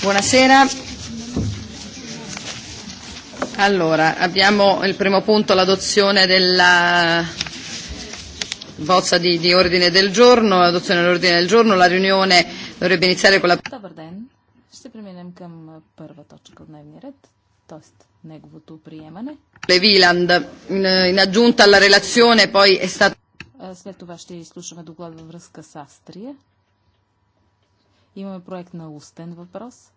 Buonasera. Allora, abbiamo il primo punto, l'adozione della bozza di, di ordine del giorno. L'adozione dell'ordine del giorno. La riunione dovrebbe iniziare con la... Le ден. in, in aggiunta alla relazione, poi è stato... След това ще изслушаме доклада връзка с Австрия. Имаме проект на устен въпрос,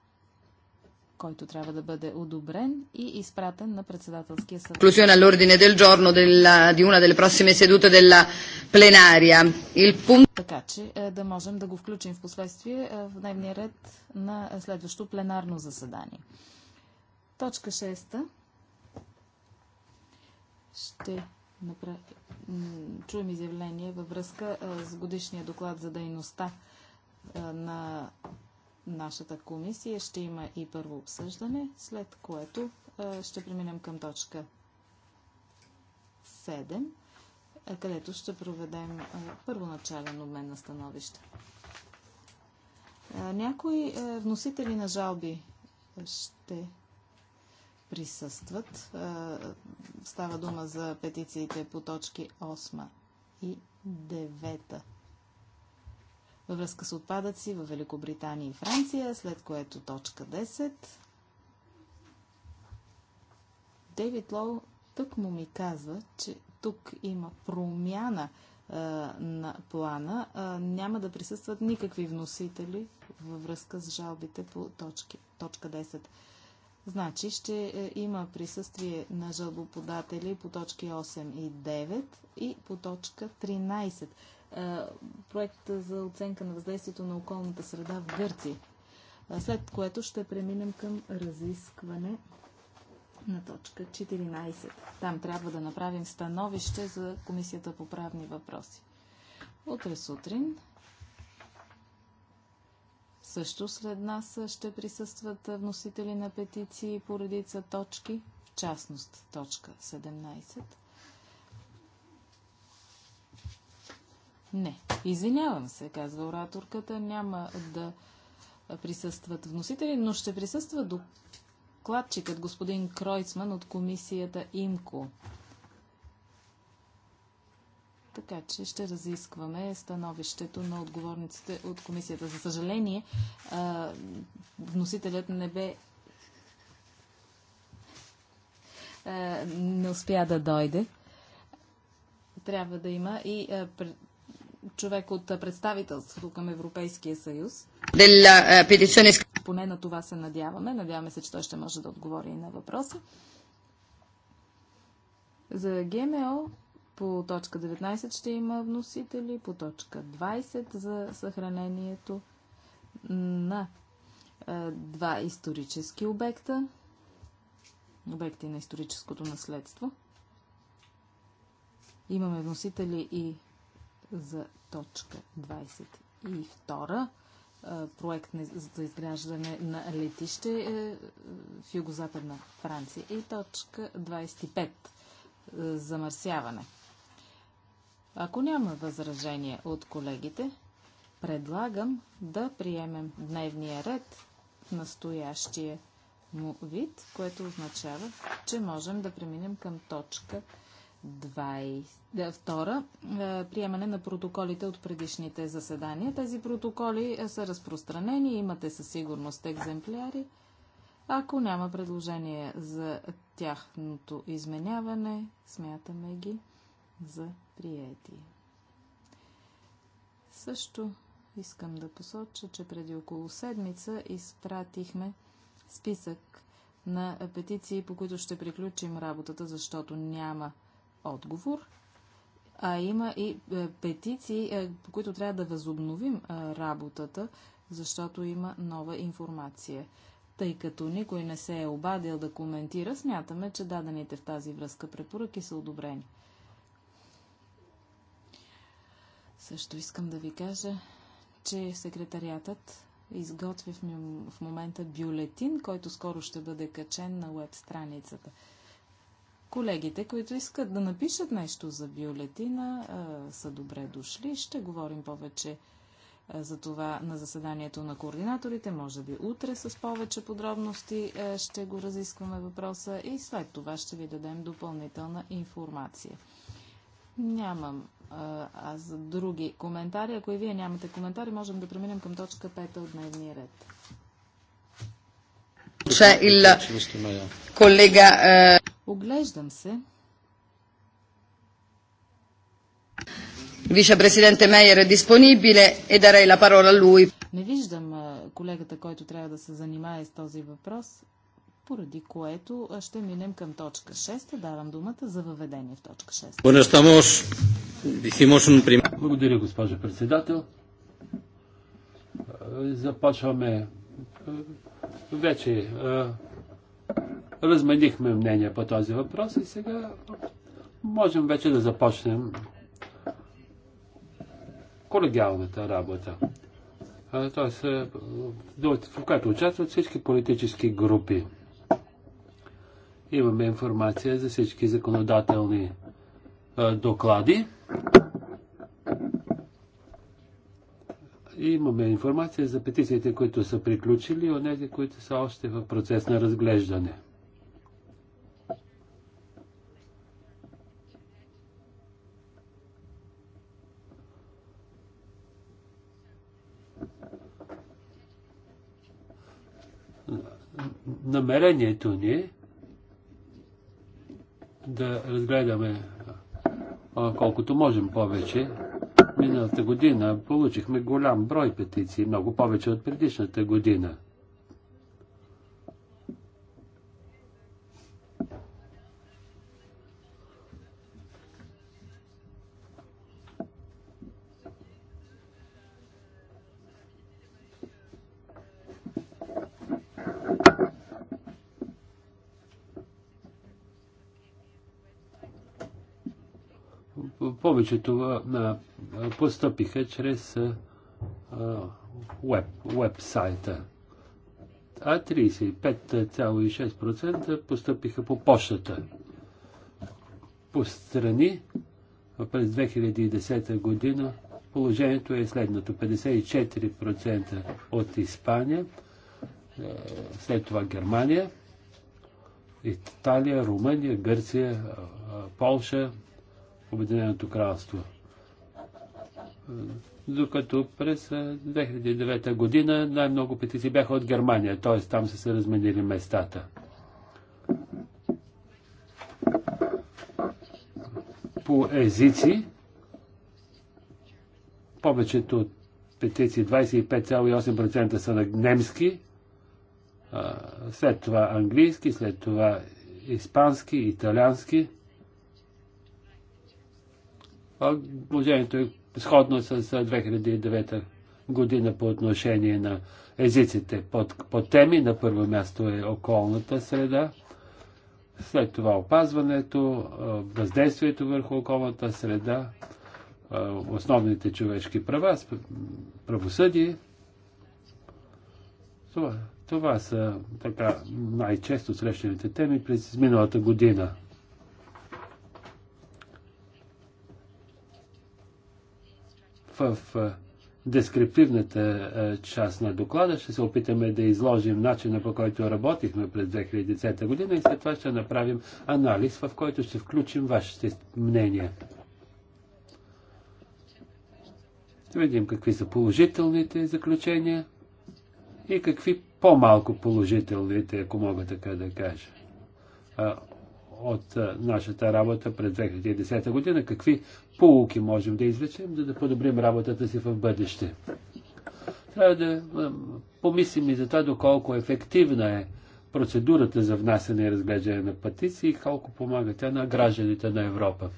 който трябва да бъде одобрен и изпратен на председателския съвет. Conclusione all'ordine del giorno della, di una delle prossime sedute della plenaria. Il punto... Така че е, да можем да го включим в последствие е, в дневния ред на следващото пленарно заседание. Точка 6. Ще направя... чуем изявление във връзка е, с годишния доклад за дейността на нашата комисия ще има и първо обсъждане, след което ще преминем към точка 7, където ще проведем първоначален обмен на становища. Някои вносители на жалби ще присъстват. Става дума за петициите по точки 8 и 9 във връзка с отпадъци в Великобритания и Франция, след което точка 10. Дейвид Лоу тък му ми казва, че тук има промяна а, на плана. А, няма да присъстват никакви вносители във връзка с жалбите по точки, точка 10. Значи ще е, има присъствие на жалбоподатели по точки 8 и 9 и по точка 13. Е, проекта за оценка на въздействието на околната среда в Гърция. След което ще преминем към разискване на точка 14. Там трябва да направим становище за Комисията по правни въпроси. Утре сутрин също след нас ще присъстват вносители на петиции по редица точки, в частност точка 17. Не. Извинявам се, казва ораторката. Няма да присъстват вносители, но ще присъства докладчикът господин Кройцман от комисията ИМКО. Така че ще разискваме становището на отговорниците от комисията. За съжаление, вносителят не бе. не успя да дойде. Трябва да има и човек от представителството към Европейския съюз. Eh, Поне на това се надяваме. Надяваме се, че той ще може да отговори и на въпроса. За ГМО по точка 19 ще има вносители, по точка 20 за съхранението на eh, два исторически обекта, обекти на историческото наследство. Имаме вносители и за точка 22 проект за изграждане на летище е, в югозападна Франция и точка 25 е, замърсяване. Ако няма възражение от колегите, предлагам да приемем дневния ред в настоящия му вид, което означава, че можем да преминем към точка 26 2. Е, приемане на протоколите от предишните заседания. Тези протоколи е, са разпространени, имате със сигурност екземпляри. Ако няма предложение за тяхното изменяване, смятаме ги за приети. Също искам да посоча, че преди около седмица изпратихме списък на петиции, по които ще приключим работата, защото няма отговор. А има и е, петиции, е, по които трябва да възобновим е, работата, защото има нова информация. Тъй като никой не се е обадил да коментира, смятаме, че дадените в тази връзка препоръки са одобрени. Също искам да ви кажа, че секретариатът изготви в момента бюлетин, който скоро ще бъде качен на веб страницата. Колегите, които искат да напишат нещо за бюлетина, са добре дошли. Ще говорим повече за това на заседанието на координаторите. Може би утре с повече подробности ще го разискваме въпроса и след това ще ви дадем допълнителна информация. Нямам аз за други коментари. Ако и вие нямате коментари, можем да преминем към точка 5 от дневния ред. C'è Оглеждам се. Вице-президенте Мейер е диспонибиле и дарей ла парола луи. Не виждам колегата, който трябва да се занимае с този въпрос, поради което ще минем към точка 6. Давам думата за въведение в точка 6. Благодаря, госпожа председател. Започваме вече Разменихме мнение по този въпрос и сега можем вече да започнем колегиалната работа. Тоест, е, в която участват всички политически групи. Имаме информация за всички законодателни доклади. И имаме информация за петициите, които са приключили и тези, които са още в процес на разглеждане. намерението ни да разгледаме колкото можем повече. Миналата година получихме голям брой петиции, много повече от предишната година. повечето постъпиха чрез веб, веб-сайта, а 35,6% постъпиха по почтата. По страни през 2010 година положението е следното. 54% от Испания, е, след това Германия, Италия, Румъния, Гърция, е, Полша, Обединеното кралство. Е, докато през 2009 е, година най-много петиции бяха от Германия, т.е. там са се разменили местата. По езици повечето от петиции, 25,8% са на немски, след това английски, след това испански, италиански – Положението е сходно с 2009 година по отношение на езиците. Под, по теми на първо място е околната среда, след това опазването, въздействието върху околната среда, основните човешки права, правосъдие. Това, това са така най-често срещаните теми през миналата година. В дескриптивната част на доклада ще се опитаме да изложим начина по който работихме през 2010 година и след това ще направим анализ, в който ще включим вашите мнения. Да видим какви са положителните заключения и какви по-малко положителните, ако мога така да кажа, от нашата работа през 2010 година, какви полуки можем да извлечем, за да подобрим работата си в бъдеще. Трябва да помислим и за това доколко ефективна е процедурата за внасяне и разглеждане на петиции и колко помага тя на гражданите на Европа.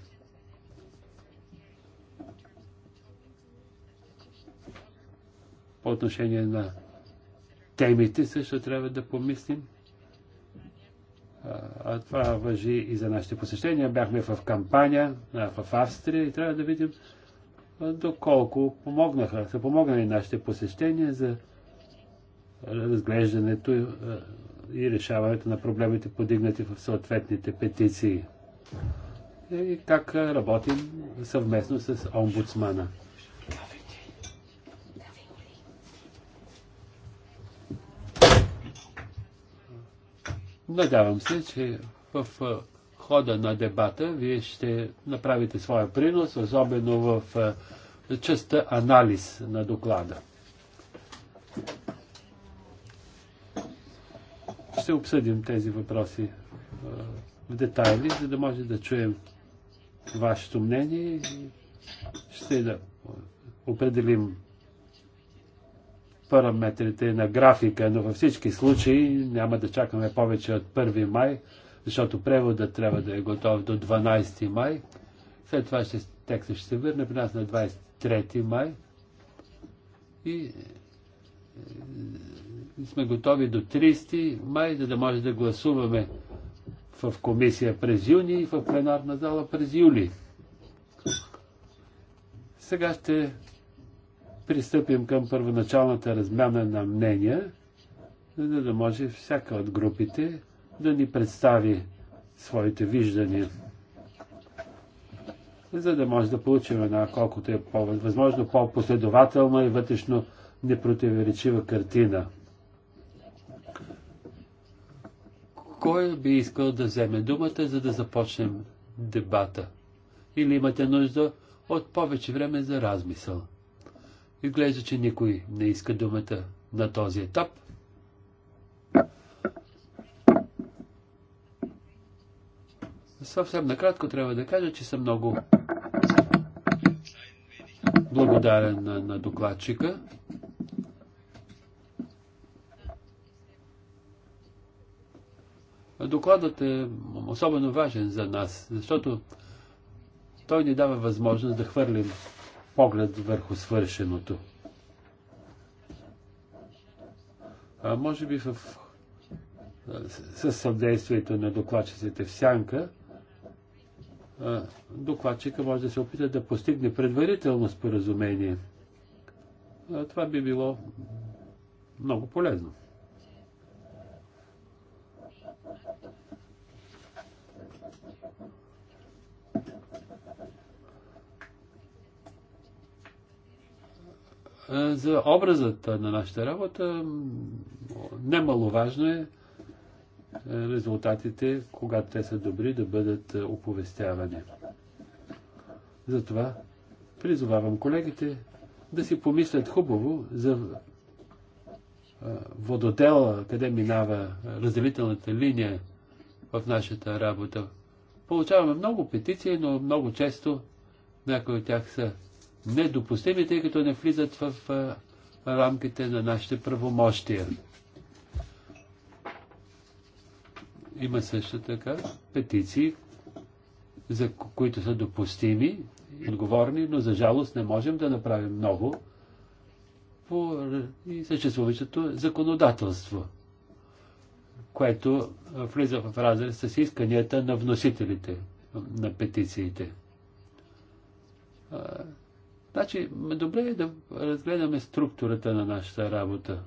По отношение на темите също трябва да помислим. А това въжи и за нашите посещения. Бяхме в кампания, в Австрия и трябва да видим доколко помогнаха, са помогнали нашите посещения за разглеждането и решаването на проблемите, подигнати в съответните петиции. И как работим съвместно с омбудсмана. Надявам се, че в е, хода на дебата вие ще направите своя принос, особено в е, частта анализ на доклада. Ще обсъдим тези въпроси е, в детайли, за да може да чуем вашето мнение. и Ще да определим параметрите на графика, но във всички случаи няма да чакаме повече от 1 май, защото преводът трябва да е готов до 12 май. След това ще, текстът ще се върне при нас на 23 май и е, е, сме готови до 30 май, за да може да гласуваме в комисия през юни и в пленарна зала през юли. Сега ще пристъпим към първоначалната размяна на мнения, за да може всяка от групите да ни представи своите виждания. За да може да получим една колкото е по- възможно по-последователна и вътрешно непротиворечива картина. Кой би искал да вземе думата, за да започнем дебата? Или имате нужда от повече време за размисъл? Изглежда, че никой не иска думата на този етап. Съвсем накратко трябва да кажа, че съм много благодарен на, на докладчика. Докладът е особено важен за нас, защото той ни дава възможност да хвърлим поглед върху свършеното. А може би в, със съдействието на докладчиците в сянка, докладчика може да се опита да постигне предварително споразумение. Това би било много полезно. Е, за образът на нашата работа немаловажно е, е резултатите, когато те са добри, да бъдат е, оповестявани. Затова призовавам колегите да си помислят хубаво за вододела, къде минава разделителната линия в нашата работа. Получаваме много петиции, но много често някои от тях са недопустими, тъй като не влизат в рамките на нашите правомощия. Има също така петиции, за които са допустими и отговорни, но за жалост не можем да направим много по съществуващото законодателство, което влиза в разрез с исканията на вносителите на петициите. Значи, добре е да разгледаме структурата на нашата работа.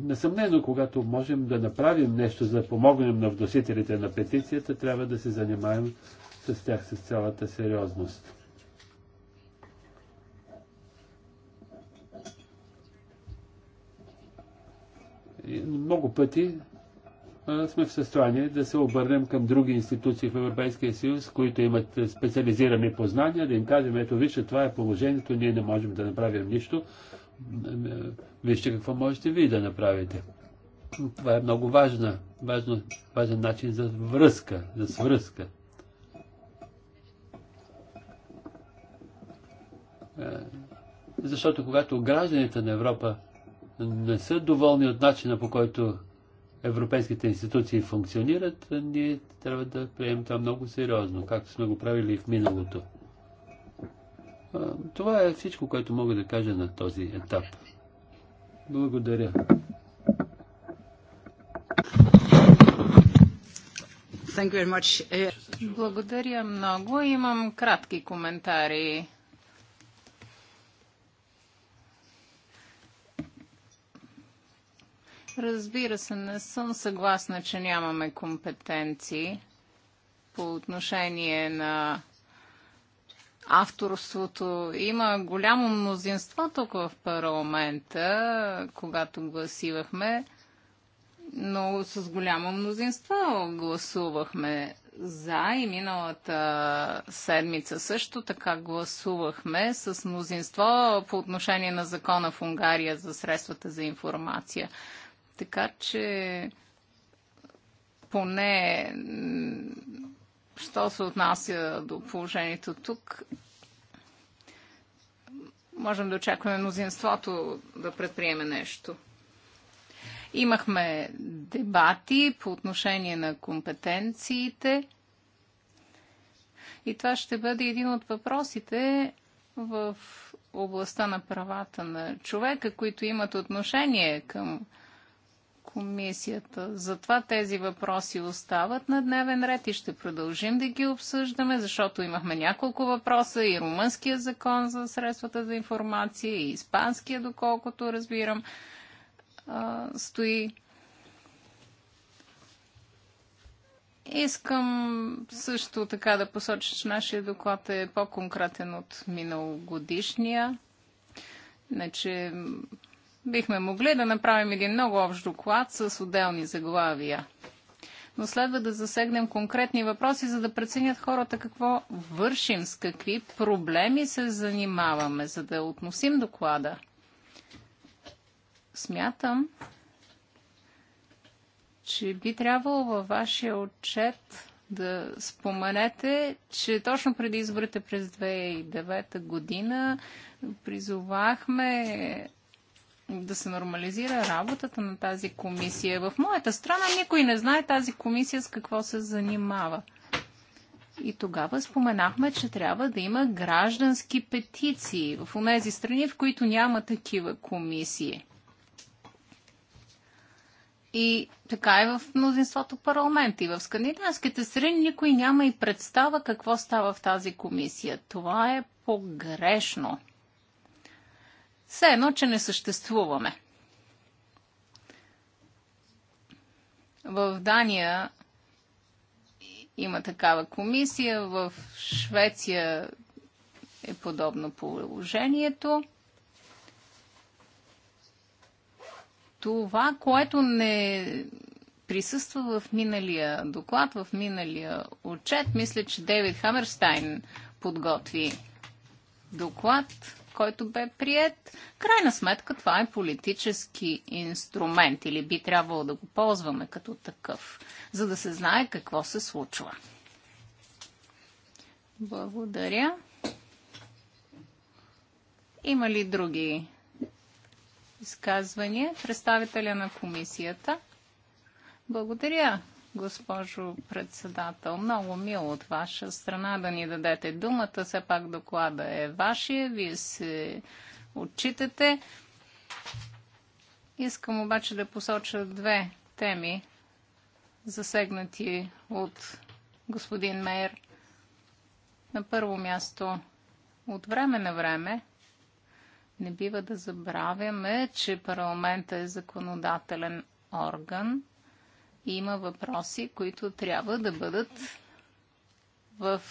Несъмнено, когато можем да направим нещо, за да помогнем на вносителите на петицията, трябва да се занимаем с тях с цялата сериозност. много пъти сме в състояние да се обърнем към други институции в Европейския съюз, които имат специализирани познания, да им кажем, ето вижте, това е положението, ние не можем да направим нищо. Вижте какво можете вие да направите. Това е много важна, важно, важен начин за връзка, за свръзка. Е, защото когато гражданите на Европа не са доволни от начина по който европейските институции функционират, ние трябва да приемем това много сериозно, както сме го правили в миналото. Това е всичко, което мога да кажа на този етап. Благодаря. Е, Благодаря много. Имам кратки коментари Разбира се, не съм съгласна, че нямаме компетенции по отношение на авторството. Има голямо мнозинство тук в парламента, когато гласивахме, но с голямо мнозинство гласувахме за и миналата седмица също така гласувахме с мнозинство по отношение на закона в Унгария за средствата за информация. Така че поне що се отнася до положението тук, можем да очакваме мнозинството да предприеме нещо. Имахме дебати по отношение на компетенциите и това ще бъде един от въпросите в областта на правата на човека, които имат отношение към комисията. Затова тези въпроси остават на дневен ред и ще продължим да ги обсъждаме, защото имахме няколко въпроса и румънския закон за средствата за информация, и испанския, доколкото разбирам, стои. Искам също така да посоча, че нашия доклад е по-конкретен от миналогодишния. че Бихме могли да направим един много общ доклад с отделни заглавия. Но следва да засегнем конкретни въпроси, за да преценят хората какво вършим, с какви проблеми се занимаваме, за да относим доклада. Смятам, че би трябвало във вашия отчет да споменете, че точно преди изборите през 2009 година призовахме да се нормализира работата на тази комисия. В моята страна никой не знае тази комисия с какво се занимава. И тогава споменахме, че трябва да има граждански петиции в тези страни, в които няма такива комисии. И така е в мнозинството парламент. И в скандинавските страни никой няма и представа какво става в тази комисия. Това е погрешно. Все едно, че не съществуваме. В Дания има такава комисия, в Швеция е подобно положението. Това, което не присъства в миналия доклад, в миналия отчет, мисля, че Дейвид Хамерстайн подготви доклад който бе прият. Крайна сметка това е политически инструмент или би трябвало да го ползваме като такъв, за да се знае какво се случва. Благодаря. Има ли други изказвания? Представителя на комисията. Благодаря, госпожо председател. Много мило от ваша страна да ни дадете думата. Все пак доклада е вашия. Вие се отчитате. Искам обаче да посоча две теми, засегнати от господин Мейер. На първо място, от време на време, не бива да забравяме, че парламента е законодателен орган има въпроси, които трябва да бъдат в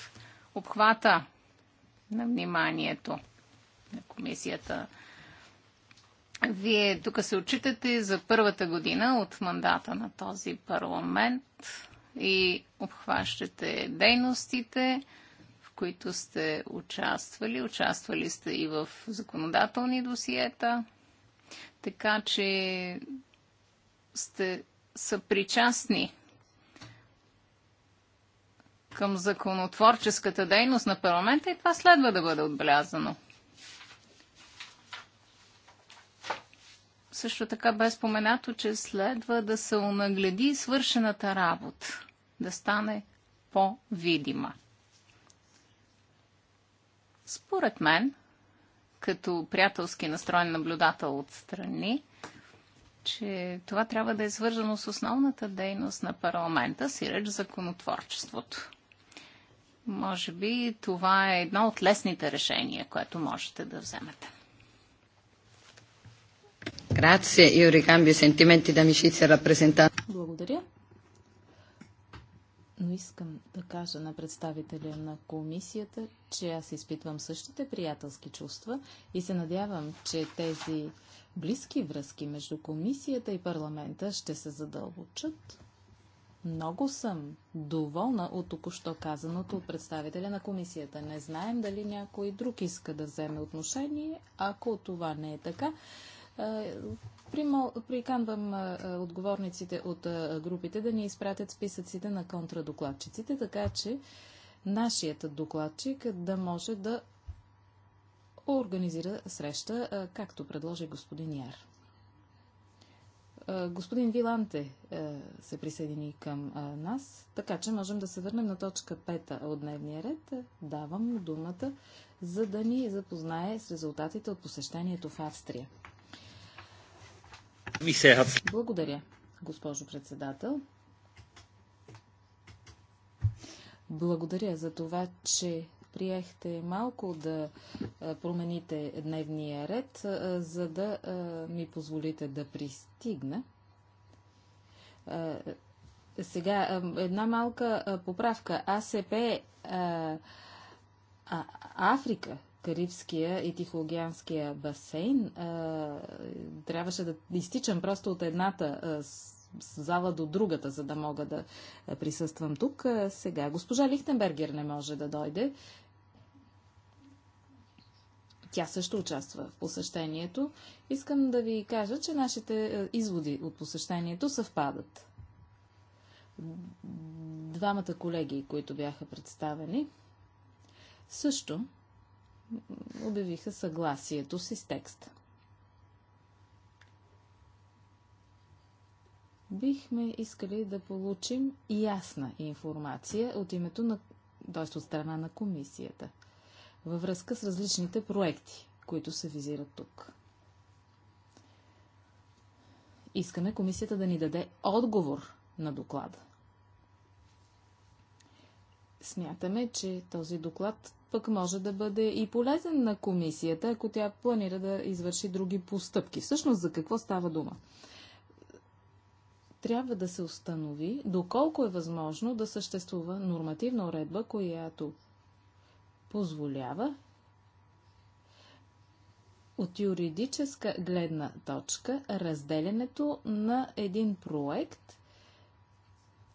обхвата на вниманието на комисията. Вие тук се отчитате за първата година от мандата на този парламент и обхващате дейностите, в които сте участвали. Участвали сте и в законодателни досиета, така че сте са причастни към законотворческата дейност на парламента и това следва да бъде отбелязано. Също така бе споменато, че следва да се онагледи свършената работа, да стане по-видима. Според мен, като приятелски настроен наблюдател от страни, че това трябва да е свързано с основната дейност на парламента, си реч законотворчеството. Може би това е едно от лесните решения, което можете да вземете. Благодаря. Но искам да кажа на представителя на комисията, че аз изпитвам същите приятелски чувства и се надявам, че тези близки връзки между комисията и парламента ще се задълбочат. Много съм доволна от току-що казаното от представителя на комисията. Не знаем дали някой друг иска да вземе отношение. Ако това не е така, е, Приканвам е, отговорниците от е, групите да ни изпратят списъците на контрадокладчиците, така че нашият докладчик да може да организира среща, както предложи господин Яр. Господин Виланте се присъедини към нас, така че можем да се върнем на точка 5 от дневния ред. Давам му думата, за да ни запознае с резултатите от посещението в Австрия. Благодаря, госпожо председател. Благодаря за това, че предприехте малко да промените дневния ред, за да ми позволите да пристигна. Сега, една малка поправка. АСП Африка, Карибския и Тихоогеанския басейн. трябваше да изтичам просто от едната с зала до другата, за да мога да е, присъствам тук. Е, сега госпожа Лихтенбергер не може да дойде. Тя също участва в посещението. Искам да ви кажа, че нашите е, изводи от посещението съвпадат. Двамата колеги, които бяха представени, също обявиха съгласието си с текста. бихме искали да получим ясна информация от името на, т.е. от страна на комисията, във връзка с различните проекти, които се визират тук. Искаме комисията да ни даде отговор на доклада. Смятаме, че този доклад пък може да бъде и полезен на комисията, ако тя планира да извърши други постъпки. Всъщност за какво става дума? трябва да се установи, доколко е възможно да съществува нормативна уредба, която позволява от юридическа гледна точка разделянето на един проект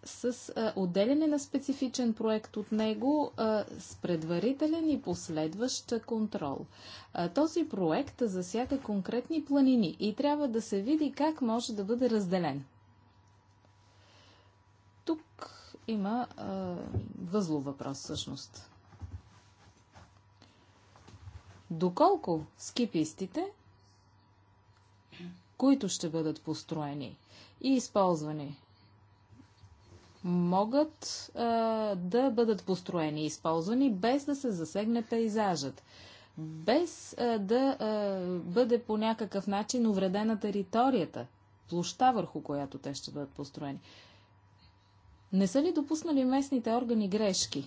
с отделяне на специфичен проект от него с предварителен и последващ контрол. този проект засяга конкретни планини и трябва да се види как може да бъде разделен тук има а, възлов въпрос всъщност. Доколко скипистите, които ще бъдат построени и използвани, могат а, да бъдат построени и използвани без да се засегне пейзажът, без а, да а, бъде по някакъв начин увредена територията, площа върху която те ще бъдат построени. Не са ли допуснали местните органи грешки?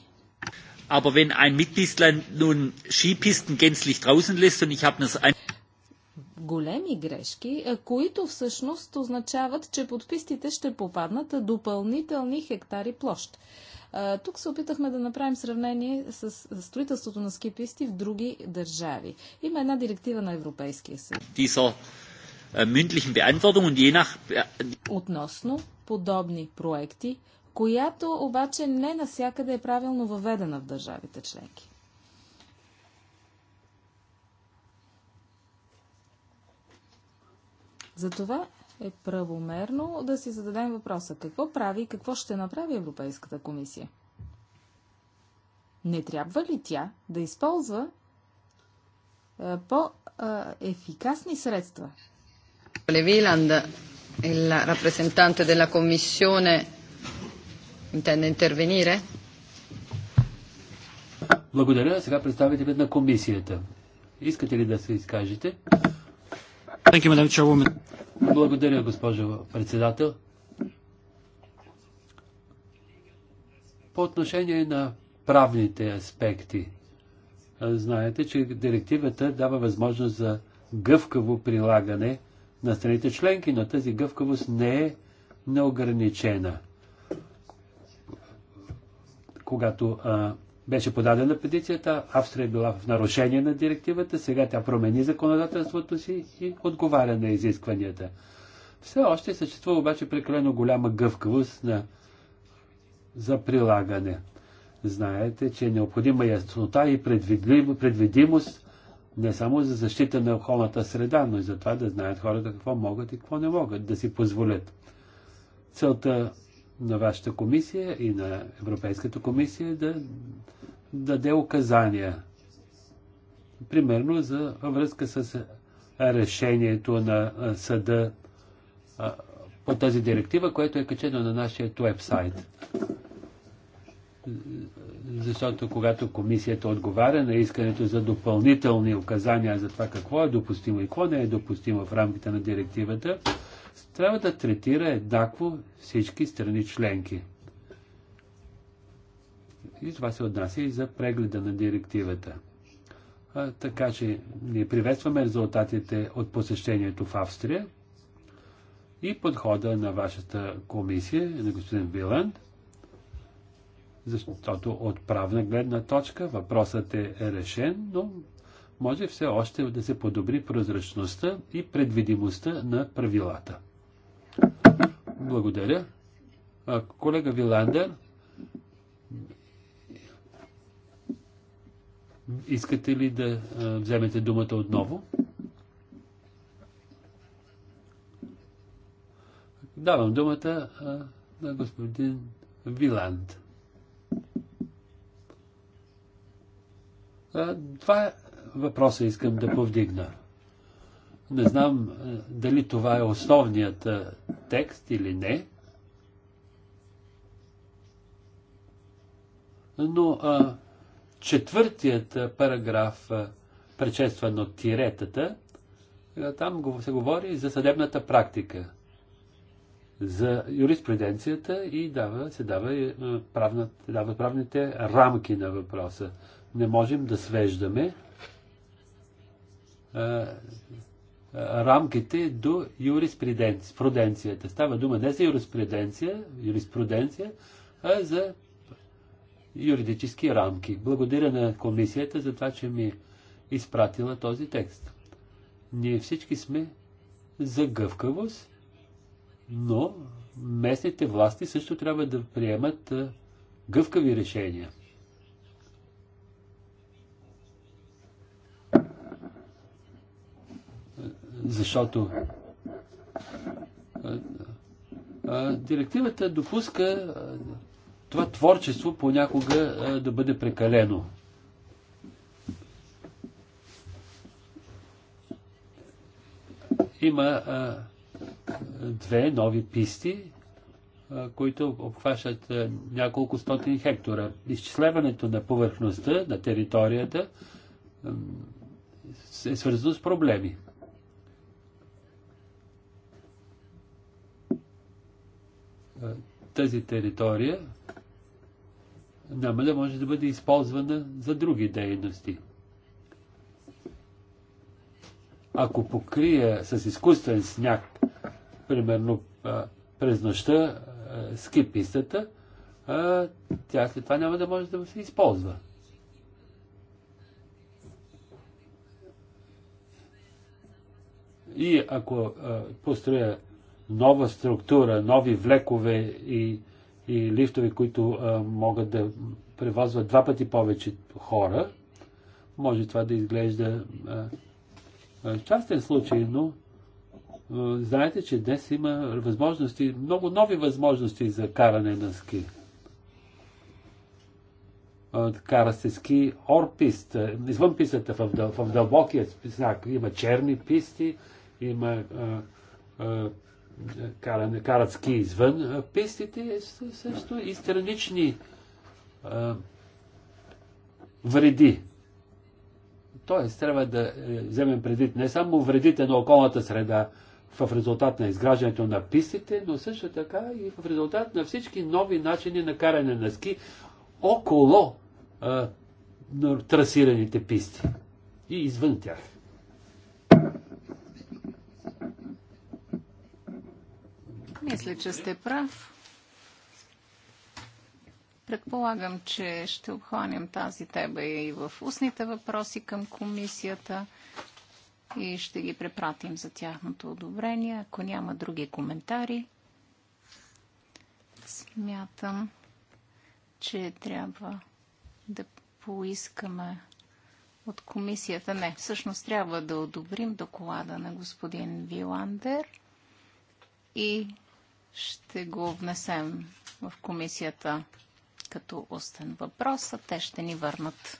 Aber wenn ein Mitgliedsland nun Skipisten gänzlich draußen lässt und ich habe das ein големи грешки, които всъщност означават, че подпистите ще попаднат допълнителни хектари площ. Тук се опитахме да направим сравнение с строителството на скиписти в други държави. Има една директива на Европейския съюз. Относно подобни проекти, която обаче не насякъде е правилно въведена в държавите членки. Затова е правомерно да си зададем въпроса какво прави и какво ще направи Европейската комисия. Не трябва ли тя да използва е, по-ефикасни средства? Виланд, е репрезентант на Commissione Intende интервенире. Благодаря. Сега представителят на комисията. Искате ли да се изкажете? Благодаря, госпожо председател. По отношение на правните аспекти, знаете, че директивата дава възможност за гъвкаво прилагане на страните членки, но тази гъвкавост не е неограничена когато а, беше подадена петицията, Австрия е била в нарушение на директивата, сега тя промени законодателството си и отговаря на изискванията. Все още съществува обаче прекалено голяма гъвкавост на, за прилагане. Знаете, че е необходима яснота и предвидимост не само за защита на околната среда, но и за това да знаят хората какво могат и какво не могат да си позволят. Целта на вашата комисия и на Европейската комисия да даде указания. Примерно за връзка с решението на съда по тази директива, което е качено на нашия вебсайт. Защото когато комисията отговаря на искането за допълнителни указания за това какво е допустимо и какво не е допустимо в рамките на директивата, трябва да третира еднакво всички страни членки. И това се отнася и за прегледа на директивата. А, така че ние приветстваме резултатите от посещението в Австрия и подхода на вашата комисия, на господин Виланд, защото от правна гледна точка въпросът е решен, но може все още да се подобри прозрачността и предвидимостта на правилата. Благодаря. Колега Виландер, искате ли да вземете думата отново? Давам думата на господин Виланд. Два е въпроса искам да повдигна. Не знам е, дали това е основният е, текст или не. Но а, е, четвъртият параграф, предшестван от тиретата, там се говори за съдебната практика, за юриспруденцията и дава, се дава правна, дава правните рамки на въпроса. Не можем да свеждаме рамките до юриспруденцията. Става дума не за юриспруденция, юриспруденция, а за юридически рамки. Благодаря на комисията за това, че ми изпратила този текст. Ние всички сме за гъвкавост, но местните власти също трябва да приемат гъвкави решения. защото директивата допуска това творчество понякога да бъде прекалено. Има две нови писти, които обхващат няколко стотин хектора. Изчисляването на повърхността, на територията, е свързано с проблеми. тази територия няма да може да бъде използвана за други дейности. Ако покрия с изкуствен сняг, примерно през нощта, ски пистата, тя след това няма да може да се използва. И ако построя нова структура, нови влекове и, и лифтове, които а, могат да превозват два пъти повече хора, може това да изглежда а, а, частен случай, но а, знаете, че днес има възможности, много нови възможности за каране на ски. кара се ски орпист, извън пистата, в, дъл, в дълбокия списък. Има черни писти, има а, а, Кара карат ски извън пистите, също и странични а, вреди. Тоест, трябва да е, вземем предвид не само вредите на околната среда в резултат на изграждането на пистите, но също така и в резултат на всички нови начини на каране на ски около а, на трасираните писти и извън тях. Мисля, че сте прав. Предполагам, че ще обхванем тази теба и в устните въпроси към комисията и ще ги препратим за тяхното одобрение. Ако няма други коментари, смятам, че трябва да поискаме от комисията. Не, всъщност трябва да одобрим доклада на господин Виландер и ще го внесем в комисията като устен въпрос, а те ще ни върнат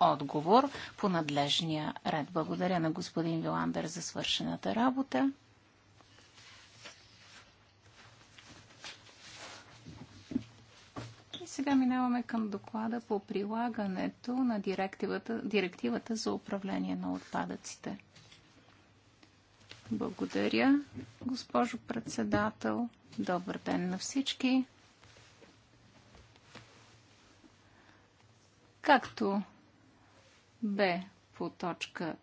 отговор по надлежния ред. Благодаря на господин Виландер за свършената работа. И сега минаваме към доклада по прилагането на директивата, директивата за управление на отпадъците. Благодаря, госпожо председател. Добър ден на всички. Както бе по точка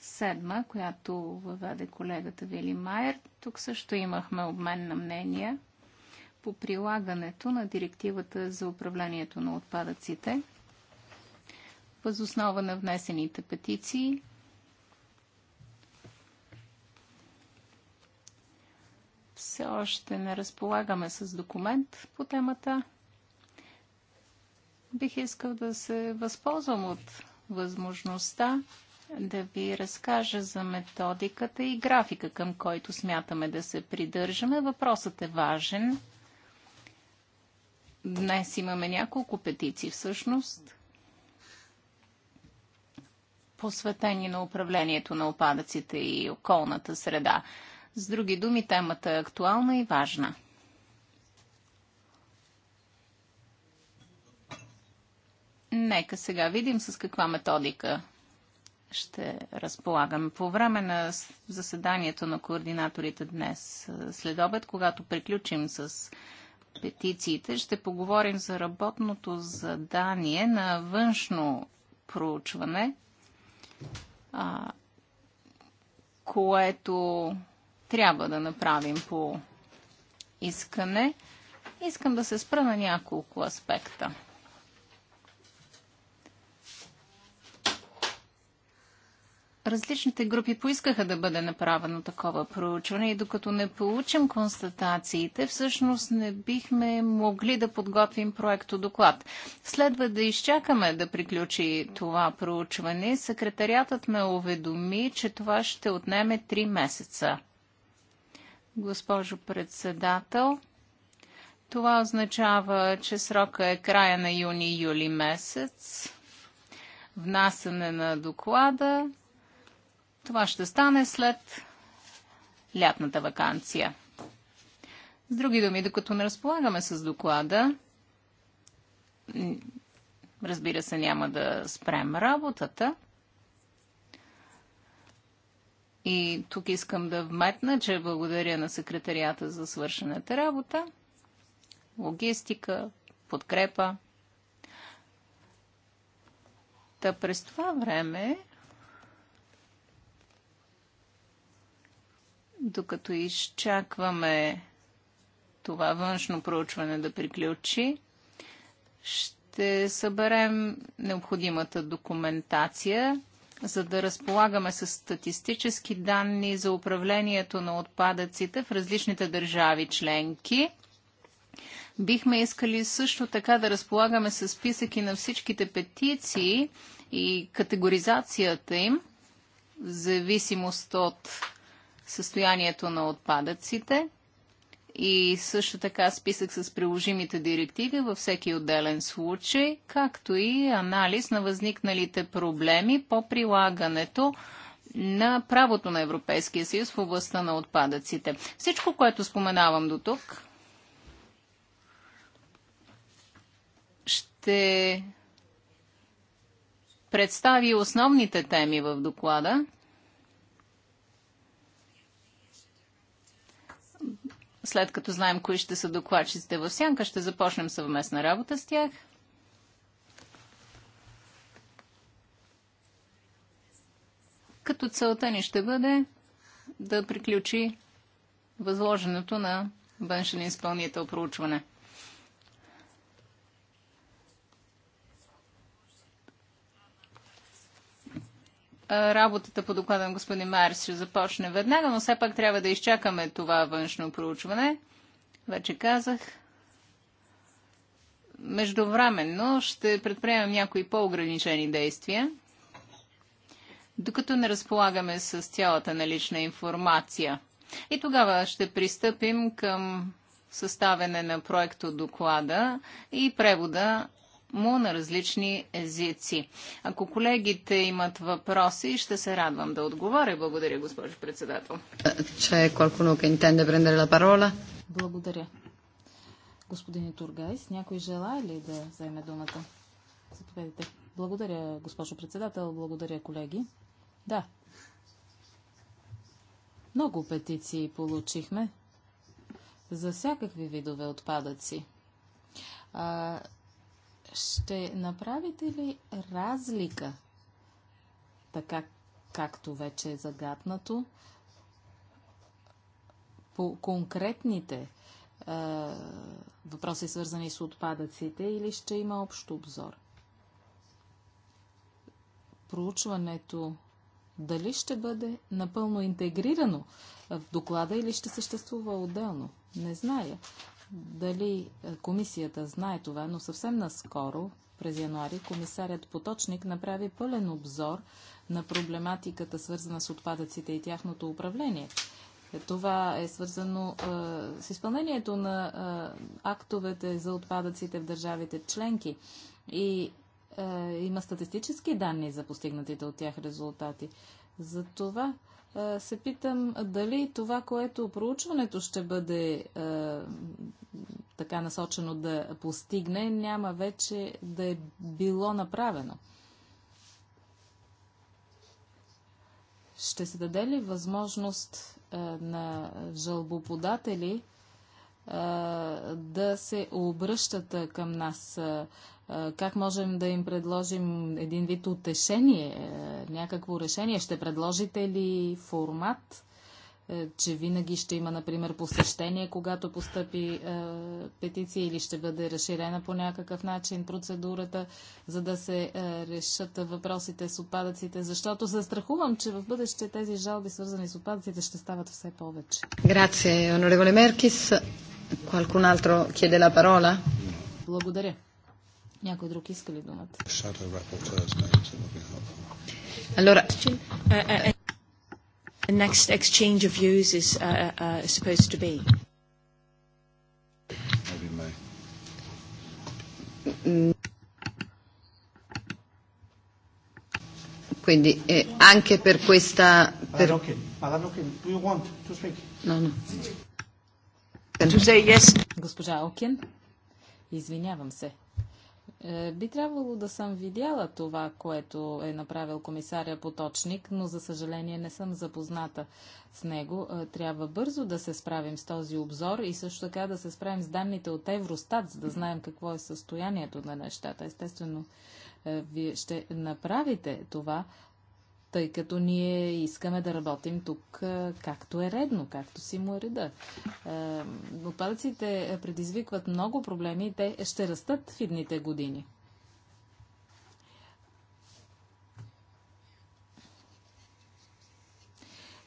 7, която въведе колегата Вили Майер, тук също имахме обмен на мнения по прилагането на директивата за управлението на отпадъците. Възоснова на внесените петиции все още не разполагаме с документ по темата. Бих искал да се възползвам от възможността да ви разкажа за методиката и графика, към който смятаме да се придържаме. Въпросът е важен. Днес имаме няколко петиции всъщност, посветени на управлението на опадъците и околната среда. С други думи, темата е актуална и важна. Нека сега видим с каква методика ще разполагаме. По време на заседанието на координаторите днес след обед, когато приключим с петициите, ще поговорим за работното задание на външно проучване, което трябва да направим по искане, искам да се спра на няколко аспекта. Различните групи поискаха да бъде направено такова проучване и докато не получим констатациите, всъщност не бихме могли да подготвим проекто доклад. Следва да изчакаме да приключи това проучване. Секретариатът ме уведоми, че това ще отнеме 3 месеца госпожо председател. Това означава, че срока е края на юни-юли месец. Внасяне на доклада. Това ще стане след лятната вакансия. С други думи, докато не разполагаме с доклада, разбира се, няма да спрем работата. И тук искам да вметна, че благодаря на секретарията за свършената работа, логистика, подкрепа. Та през това време, докато изчакваме това външно проучване да приключи, ще съберем необходимата документация за да разполагаме с статистически данни за управлението на отпадъците в различните държави членки. Бихме искали също така да разполагаме с списъки на всичките петиции и категоризацията им в зависимост от състоянието на отпадъците и също така списък с приложимите директиви във всеки отделен случай, както и анализ на възникналите проблеми по прилагането на правото на Европейския съюз в областта на отпадъците. Всичко, което споменавам до тук, ще представи основните теми в доклада – след като знаем кои ще са докладчиците в сянка, ще започнем съвместна работа с тях. Като целта ни ще бъде да приключи възложеното на външен изпълнител проучване. работата по доклада на господин Марс ще започне веднага, но все пак трябва да изчакаме това външно проучване. Вече казах. Междувременно ще предприемем някои по-ограничени действия, докато не разполагаме с цялата налична информация. И тогава ще пристъпим към съставяне на проекто доклада и превода му на различни езици. Ако колегите имат въпроси, ще се радвам да отговоря. Благодаря, госпожо председател. Че е колко intende prendere la парола. Благодаря. Господин Тургайс, някой желая ли да вземе думата? Заповядайте. Благодаря, госпожо председател. Благодаря, колеги. Да. Много петиции получихме за всякакви видове отпадъци. Ще направите ли разлика, така както вече е загаднато, по конкретните е, въпроси, свързани с отпадъците, или ще има общ обзор? Проучването дали ще бъде напълно интегрирано в доклада или ще съществува отделно? Не зная дали е, комисията знае това, но съвсем наскоро, през януари, комисарят Поточник направи пълен обзор на проблематиката, свързана с отпадъците и тяхното управление. Е, това е свързано е, с изпълнението на е, актовете за отпадъците в държавите членки. И е, има статистически данни за постигнатите от тях резултати. Затова това се питам дали това, което проучването ще бъде е, така насочено да постигне, няма вече да е било направено. Ще се даде ли възможност е, на жалбоподатели е, да се обръщат към нас как можем да им предложим един вид утешение, е, някакво решение? Ще предложите ли формат, е, че винаги ще има, например, посещение, когато постъпи е, петиция или ще бъде разширена по някакъв начин процедурата, за да се решат въпросите с отпадъците? Защото се страхувам, че в бъдеще тези жалби, свързани с отпадъците, ще стават все повече. Благодаря, онореволе Меркис. Qualcun altro chiede la parola? Благодаря. Някой друг иска ли думата? Allora, uh, next exchange of views is uh, uh, supposed to be. Maybe May. Quindi eh, anche per questa... Per... Madame Oken, do you want to speak? No, no. To say yes. Госпожа Окин, извинявам се. Е, би трябвало да съм видяла това, което е направил комисаря Поточник, но за съжаление не съм запозната с него. Е, трябва бързо да се справим с този обзор и също така да се справим с данните от Евростат, за да знаем какво е състоянието на нещата. Естествено, е, вие ще направите това, тъй като ние искаме да работим тук както е редно, както си му е реда. Отпадъците предизвикват много проблеми и те ще растат в идните години.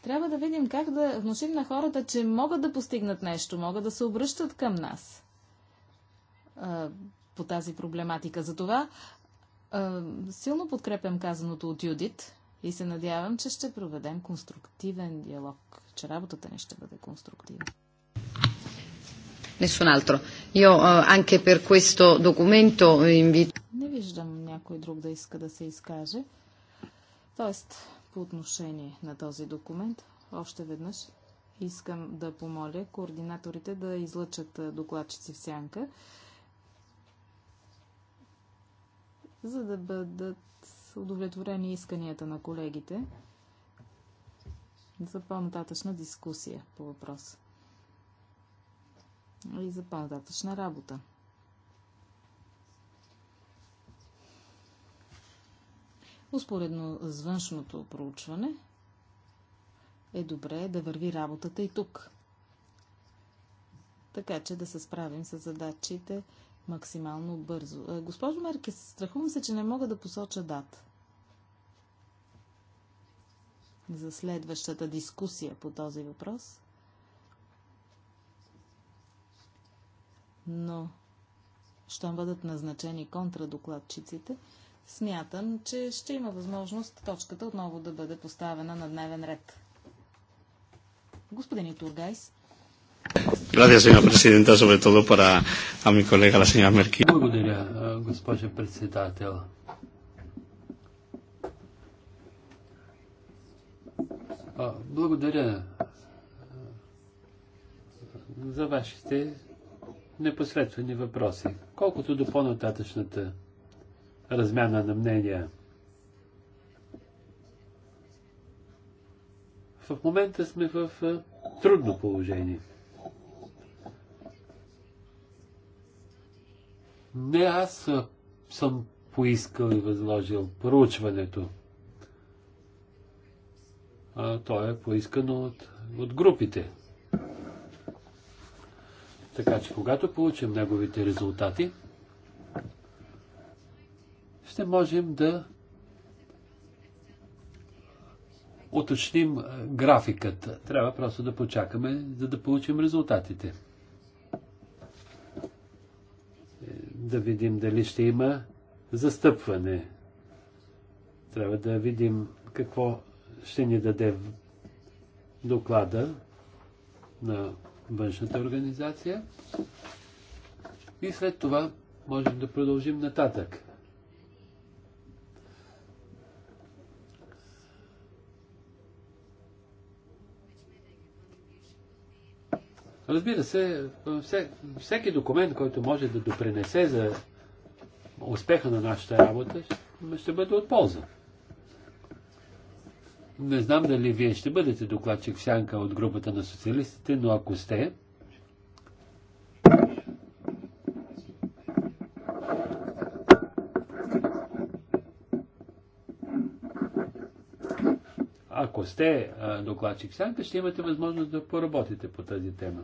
Трябва да видим как да внушим на хората, че могат да постигнат нещо, могат да се обръщат към нас по тази проблематика. Затова силно подкрепям казаното от Юдит и се надявам, че ще проведем конструктивен диалог, че работата ни ще бъде конструктивна. Nessun altro. Io eh, anche per questo documento eh, invito. Не виждам някой друг да иска да се изкаже. Тоест, по отношение на този документ, още веднъж искам да помоля координаторите да излъчат е, докладчици в сянка, за да бъдат са удовлетворени исканията на колегите за по-нататъчна дискусия по въпроса и за по-нататъчна работа. Успоредно с външното проучване е добре да върви работата и тук. Така че да се справим с задачите, максимално бързо. Госпожо Меркес, страхувам се, че не мога да посоча дата за следващата дискусия по този въпрос. Но, щом бъдат назначени контрадокладчиците, смятам, че ще има възможност точката отново да бъде поставена на дневен ред. Господин Тургайс, Gracias, señora presidenta, sobre todo para a mi colega, la señora Мерки. Благодаря, госпожа председател. Благодаря за вашите непосредствени въпроси. Колкото до по-нататъчната размяна на мнения. В момента сме в трудно положение. Не аз съм поискал и възложил проучването. А, то е поискано от, от групите. Така че, когато получим неговите резултати, ще можем да уточним графикът. Трябва просто да почакаме, за да получим резултатите. да видим дали ще има застъпване. Трябва да видим какво ще ни даде доклада на външната организация. И след това можем да продължим нататък. Разбира се, всеки, документ, който може да допринесе за успеха на нашата работа, ще бъде от полза. Не знам дали вие ще бъдете докладчик в сянка от групата на социалистите, но ако сте, сте докладчик сянка, ще имате възможност да поработите по тази тема.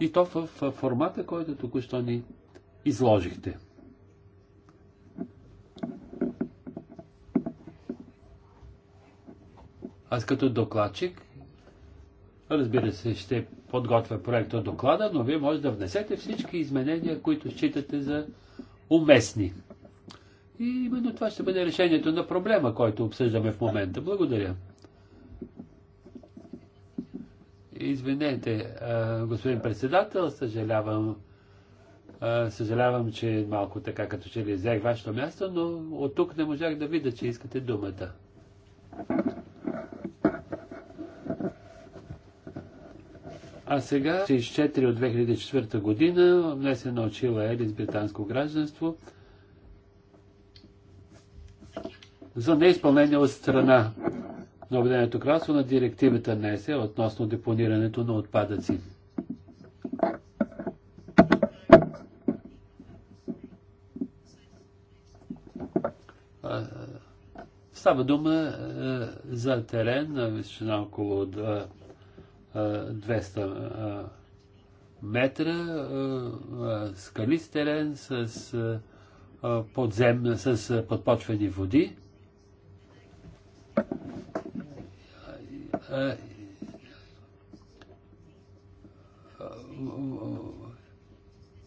И то в формата, който току-що ни изложихте. Аз като докладчик, разбира се, ще подготвя проекта доклада, но вие може да внесете всички изменения, които считате за уместни. И именно това ще бъде решението на проблема, който обсъждаме в момента. Благодаря. Извинете, господин председател, съжалявам. Съжалявам, че малко така като че ли взех вашето място, но от тук не можах да видя, че искате думата. А сега, 64 от 2004 година, внесена от Чила Елис британско гражданство, за неизпълнение от страна на Обединеното кралство на директивата НЕСЕ относно депонирането на отпадъци. Става дума за терен на височина около 200 метра, скалист терен с подземна, с подпочвени води.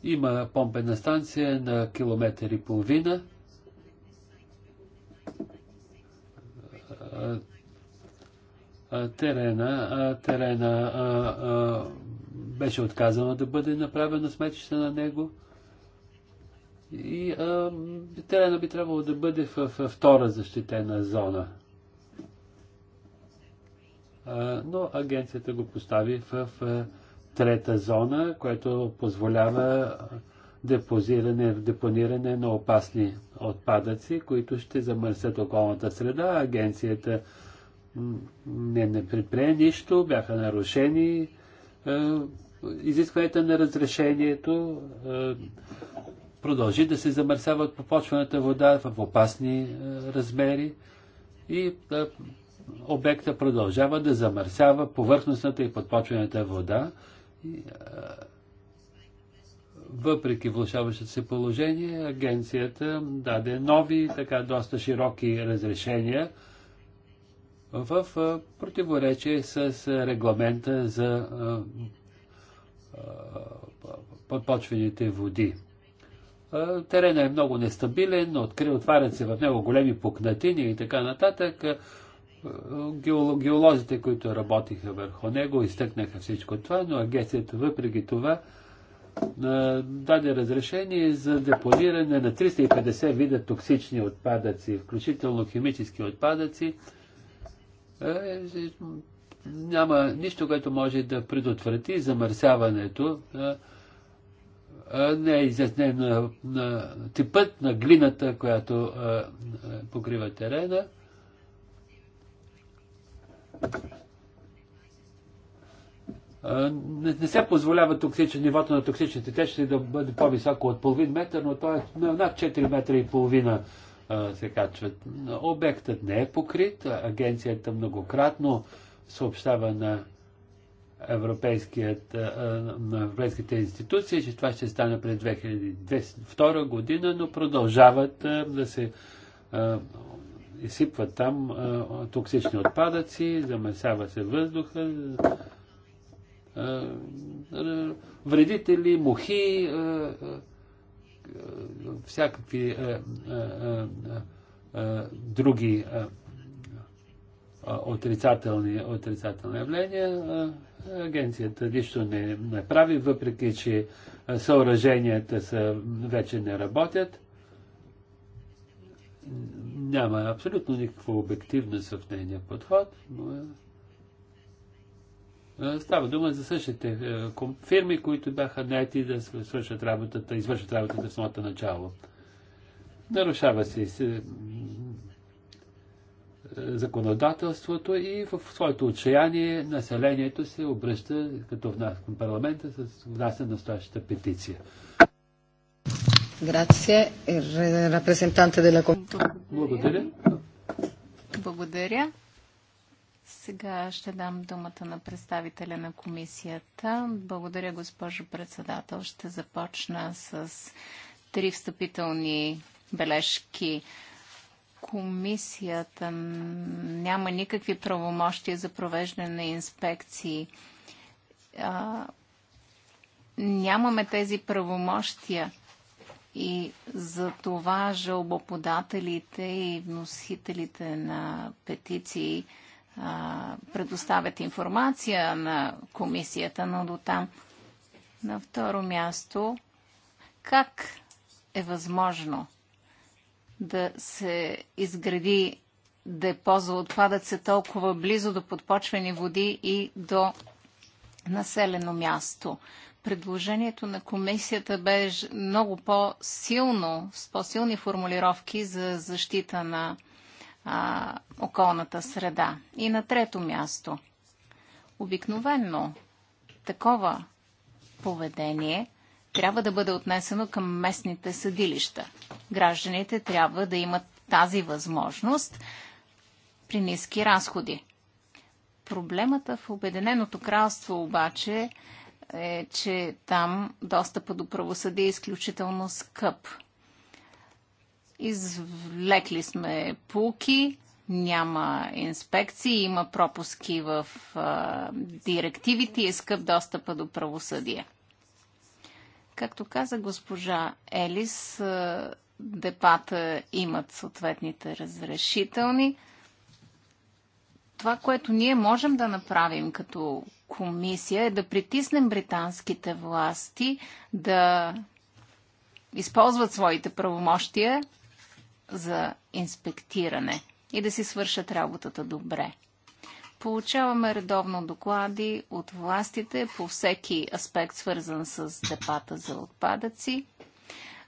Има помпена станция на километър и половина. Терена, терена беше отказано да бъде направено сметище на него. И а, терена би трябвало да бъде във втора защитена зона но агенцията го постави в е, трета зона, което позволява депозиране, депониране на опасни отпадъци, които ще замърсят околната среда. Агенцията не, не предприе нищо, бяха нарушени е, изискването на разрешението, е, продължи да се замърсяват попочваната вода в опасни размери и обекта продължава да замърсява повърхностната и подпочвената вода, въпреки влушаващото се положение, агенцията даде нови, така доста широки разрешения в противоречие с регламента за подпочвените води. Терена е много нестабилен, откри, отварят се в него големи пукнатини и така нататък геолозите, които работиха върху него, изтъкнаха всичко това, но агенцията въпреки това даде разрешение за депониране на 350 вида токсични отпадъци, включително химически отпадъци. Е, е, няма нищо, което може да предотврати замърсяването. Не е изяснено типът на глината, която покрива терена. Не, не се позволява токсичен, нивото на токсичните течности да бъде по-високо от половин метър, но то е над 4 метра и половина се качват. Обектът не е покрит. Агенцията многократно съобщава на европейският, на европейските институции, че това ще стане през 2002 година, но продължават да се изсипват там а, токсични отпадъци, замесява се въздуха, а, а, вредители, мухи, всякакви други отрицателни, отрицателни явления. Агенцията нищо не, не прави, въпреки че съоръженията са, вече не работят няма абсолютно никакво обективна сравнение подход. Но е, е, става дума за същите е, фирми, които бяха найти да свършат работата, извършат работата в самото начало. Нарушава се законодателството и в своето отчаяние населението се обръща като в парламента с внася настоящата петиция. Eh, Благодаря. Благодаря. Сега ще дам думата на представителя на комисията. Благодаря, госпожо председател. Ще започна с три встъпителни бележки. Комисията няма никакви правомощия за провеждане на инспекции. А, нямаме тези правомощия и за това жалбоподателите и вносителите на петиции а, предоставят информация на комисията, но до там. На второ място, как е възможно да се изгради депо за отпадъци толкова близо до подпочвени води и до населено място? предложението на комисията беше много по-силно, с по-силни формулировки за защита на а, околната среда. И на трето място, обикновенно такова поведение трябва да бъде отнесено към местните съдилища. Гражданите трябва да имат тази възможност при ниски разходи. Проблемата в Обединеното кралство обаче е, че там достъпа до правосъдие е изключително скъп. Извлекли сме пулки, няма инспекции, има пропуски в а, директивите и е скъп достъпа до правосъдие. Както каза госпожа Елис, депата имат съответните разрешителни. Това, което ние можем да направим като комисия е да притиснем британските власти да използват своите правомощия за инспектиране и да си свършат работата добре. Получаваме редовно доклади от властите по всеки аспект, свързан с депата за отпадъци.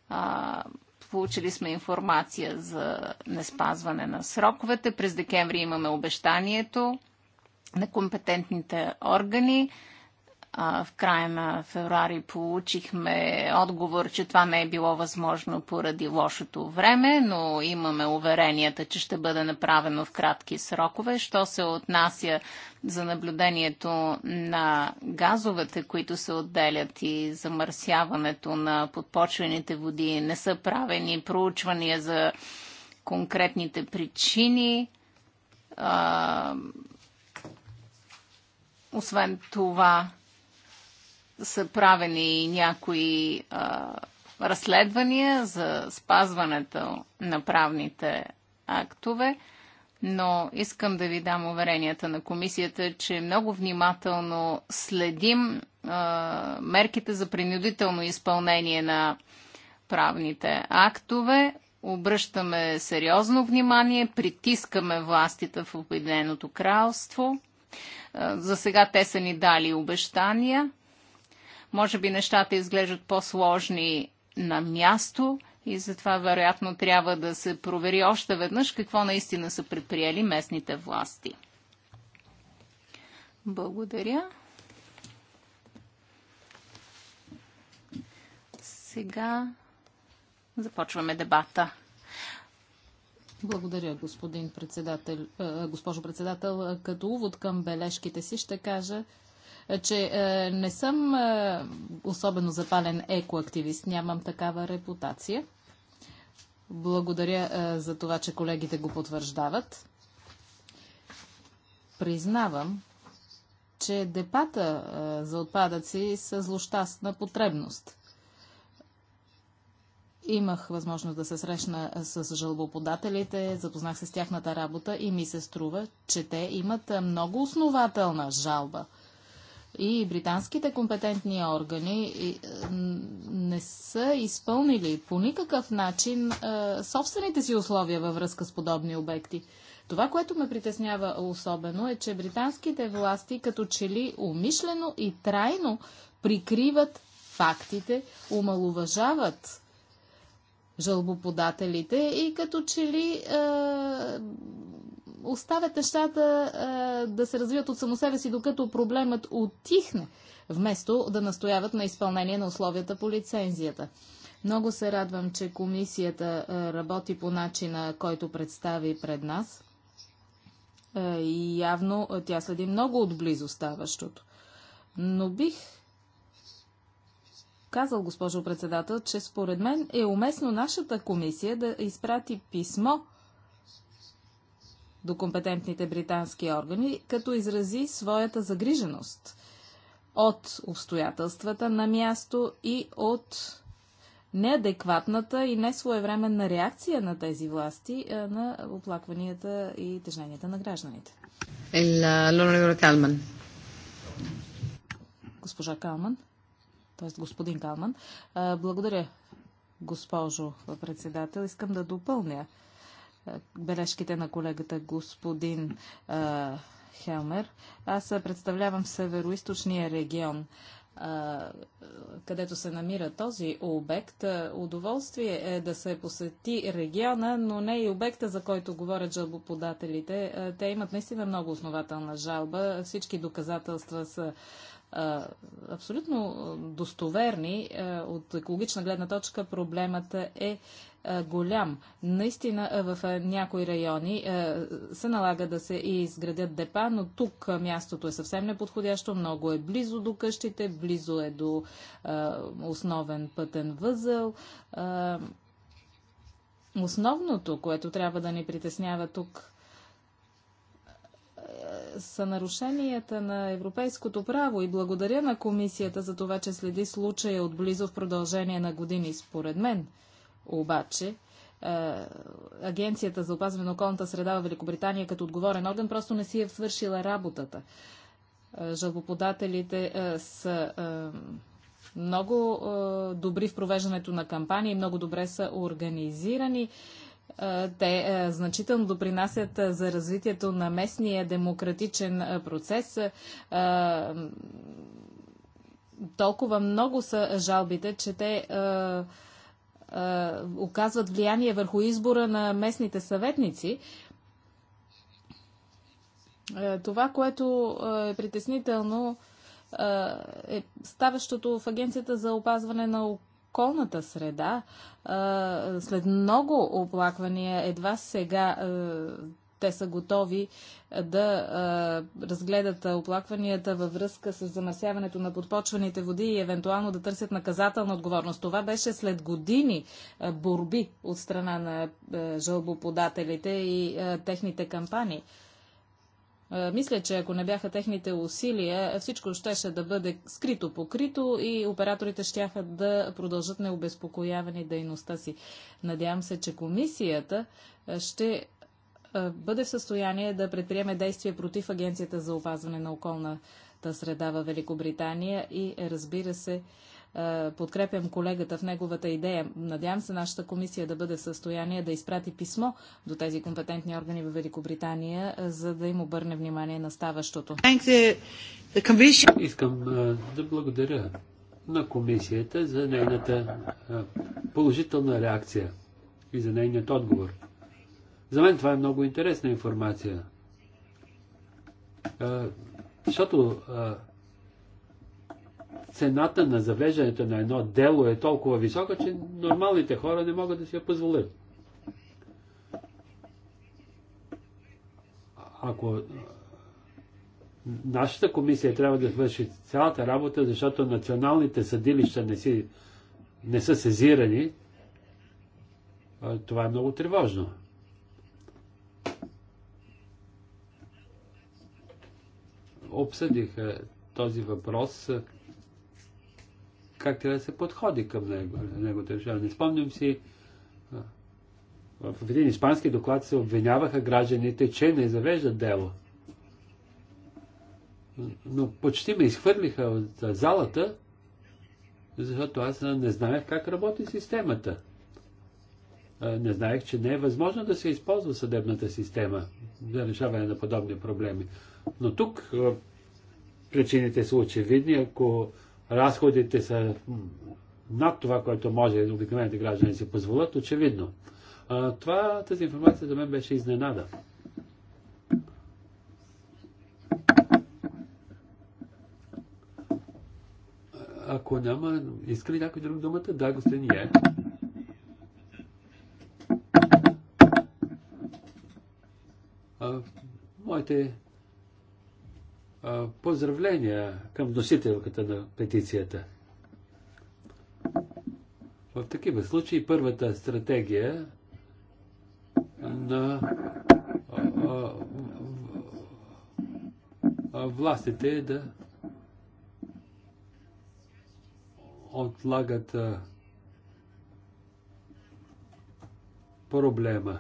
А, получили сме информация за неспазване на сроковете. През декември имаме обещанието на компетентните органи. В края на феврари получихме отговор, че това не е било възможно поради лошото време, но имаме уверенията, че ще бъде направено в кратки срокове. Що се отнася за наблюдението на газовете, които се отделят и замърсяването на подпочвените води, не са правени проучвания за конкретните причини освен това са правени някои а, разследвания за спазването на правните актове, но искам да ви дам уверенията на комисията, че много внимателно следим а, мерките за принудително изпълнение на правните актове. Обръщаме сериозно внимание, притискаме властите в Обединеното кралство. За сега те са ни дали обещания. Може би нещата изглеждат по-сложни на място и затова вероятно трябва да се провери още веднъж какво наистина са предприели местните власти. Благодаря. Сега започваме дебата. Благодаря, господин председател, госпожо председател. Като увод към бележките си ще кажа, че не съм особено запален екоактивист, нямам такава репутация. Благодаря за това, че колегите го потвърждават. Признавам, че депата за отпадъци са злощастна потребност. Имах възможност да се срещна с жалбоподателите, запознах се с тяхната работа и ми се струва, че те имат много основателна жалба. И британските компетентни органи не са изпълнили по никакъв начин собствените си условия във връзка с подобни обекти. Това, което ме притеснява особено е, че британските власти като че ли умишлено и трайно прикриват фактите, омалуважават жалбоподателите и като че ли е, оставят нещата е, да се развиват от само себе си, докато проблемът отихне, вместо да настояват на изпълнение на условията по лицензията. Много се радвам, че комисията е, работи по начина, който представи пред нас. И явно тя следи много отблизо ставащото. Но бих казал, госпожо председател, че според мен е уместно нашата комисия да изпрати писмо до компетентните британски органи, като изрази своята загриженост от обстоятелствата на място и от неадекватната и несвоевременна реакция на тези власти е, на оплакванията и тежненията на гражданите. Е, Госпожа Калман т.е. господин Калман. Благодаря, госпожо председател. Искам да допълня бележките на колегата господин Хелмер. Аз представлявам северо-источния регион където се намира този обект. Удоволствие е да се посети региона, но не и обекта, за който говорят жалбоподателите. Те имат наистина много основателна жалба. Всички доказателства са абсолютно достоверни от екологична гледна точка, проблемът е голям. Наистина в някои райони се налага да се изградят депа, но тук мястото е съвсем неподходящо. Много е близо до къщите, близо е до основен пътен възел. Основното, което трябва да ни притеснява тук са нарушенията на европейското право и благодаря на комисията за това, че следи случая отблизо в продължение на години. Според мен, обаче, е, Агенцията за опазване на околната среда в Великобритания като отговорен орган просто не си е свършила работата. Е, жалбоподателите е, са много добри в провеждането на кампании, много добре са организирани. Те значително допринасят за развитието на местния демократичен процес толкова много са жалбите, че те оказват влияние върху избора на местните съветници. това, което е притеснително, е ставащото в Агенцията за опазване на околната среда. След много оплаквания, едва сега те са готови да разгледат оплакванията във връзка с замърсяването на подпочваните води и евентуално да търсят наказателна отговорност. Това беше след години борби от страна на жалбоподателите и техните кампании. Е, мисля, че ако не бяха техните усилия, всичко щеше да бъде скрито покрито и операторите щяха да продължат необезпокоявани дейността си. Надявам се, че комисията е, ще е, бъде в състояние да предприеме действия против Агенцията за опазване на околната среда във Великобритания и разбира се, е, подкрепям колегата в неговата идея. Надявам се нашата комисия да бъде в състояние да изпрати писмо до тези компетентни органи в Великобритания, е, за да им обърне внимание на ставащото. Искам е, да благодаря на комисията за нейната положителна реакция и за нейният отговор. За мен това е много интересна информация. Защото цената на завеждането на едно дело е толкова висока, че нормалните хора не могат да си я позволят. Ако нашата комисия трябва да свърши цялата работа, защото националните съдилища не, си, не са сезирани, това е много тревожно. Обсъдих този въпрос как трябва да се подходи към него, неговото Не спомням си, в един испански доклад се обвиняваха гражданите, че не завеждат дело. Но почти ме изхвърлиха от залата, защото аз не знаех как работи системата. Не знаех, че не е възможно да се използва съдебната система за решаване на подобни проблеми. Но тук причините са очевидни. Ако разходите са над това, което може обикновените граждани си позволят, очевидно. А, това, тази информация за мен беше изненада. Ако няма, иска ли някой друг думата? Да, господин Е. моите Поздравления към носителката на петицията. В такива случаи първата стратегия на властите е да отлагат проблема.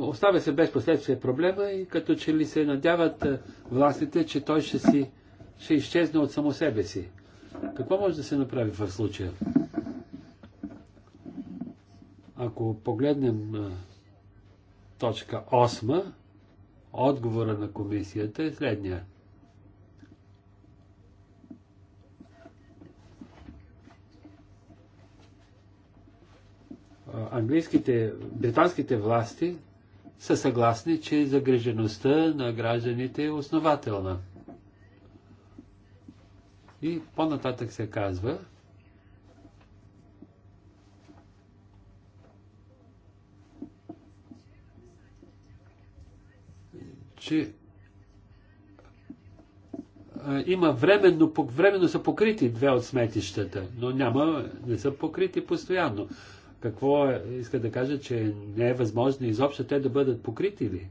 Оставя се без последствия проблема и като че ли се надяват властите, че той ще, си, ще изчезне от само себе си. Какво може да се направи в случая? Ако погледнем точка 8, отговора на комисията е следния – английските, британските власти са съгласни, че загрижеността на гражданите е основателна. И по-нататък се казва, че има временно, временно са покрити две от сметищата, но няма, не са покрити постоянно. Какво е, иска да кажа, че не е възможно изобщо те да бъдат покрити ли?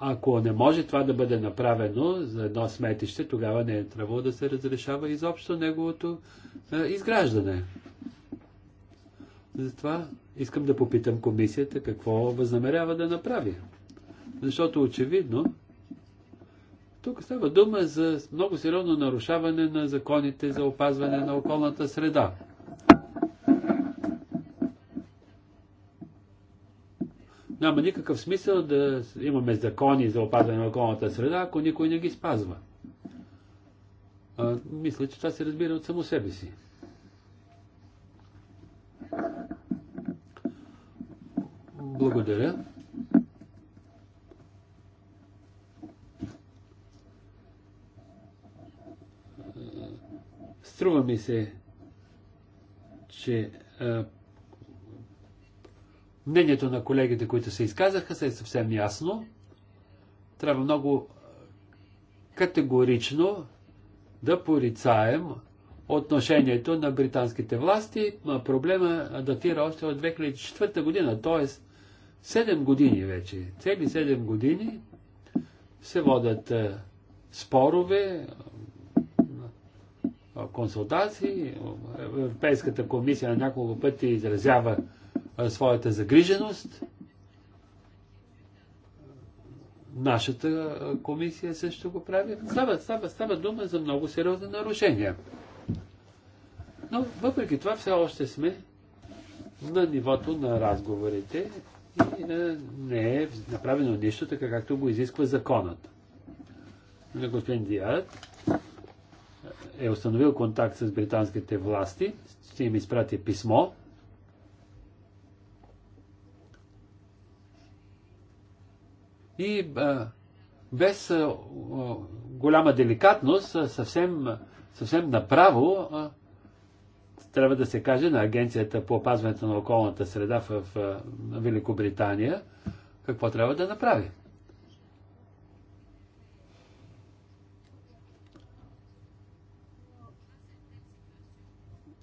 Ако не може това да бъде направено за едно сметище, тогава не е трябвало да се разрешава изобщо неговото е, изграждане. Затова искам да попитам комисията какво възнамерява да направи. Защото очевидно тук става дума за много сериозно нарушаване на законите за опазване на околната среда. Няма никакъв смисъл да имаме закони за опазване на околната среда, ако никой не ги спазва. А, мисля, че това се разбира от само себе си. Благодаря. Струва ми се, че а, мнението на колегите, които се изказаха, се е съвсем ясно. Трябва много категорично да порицаем отношението на британските власти. Проблема датира още от 2004 година, т.е. 7 години вече. Цели 7 години се водят спорове, консултации. Европейската комисия на няколко пъти изразява своята загриженост. Нашата комисия също го прави. Става, става, става дума за много сериозни нарушения. Но въпреки това все още сме на нивото на разговорите и не е направено нищо така, както го изисква законът. господин Диад, е установил контакт с британските власти, ще им изпрати писмо. И а, без а, голяма деликатност, а, съвсем, съвсем направо, а, трябва да се каже на Агенцията по опазването на околната среда в, в, в Великобритания какво трябва да направи.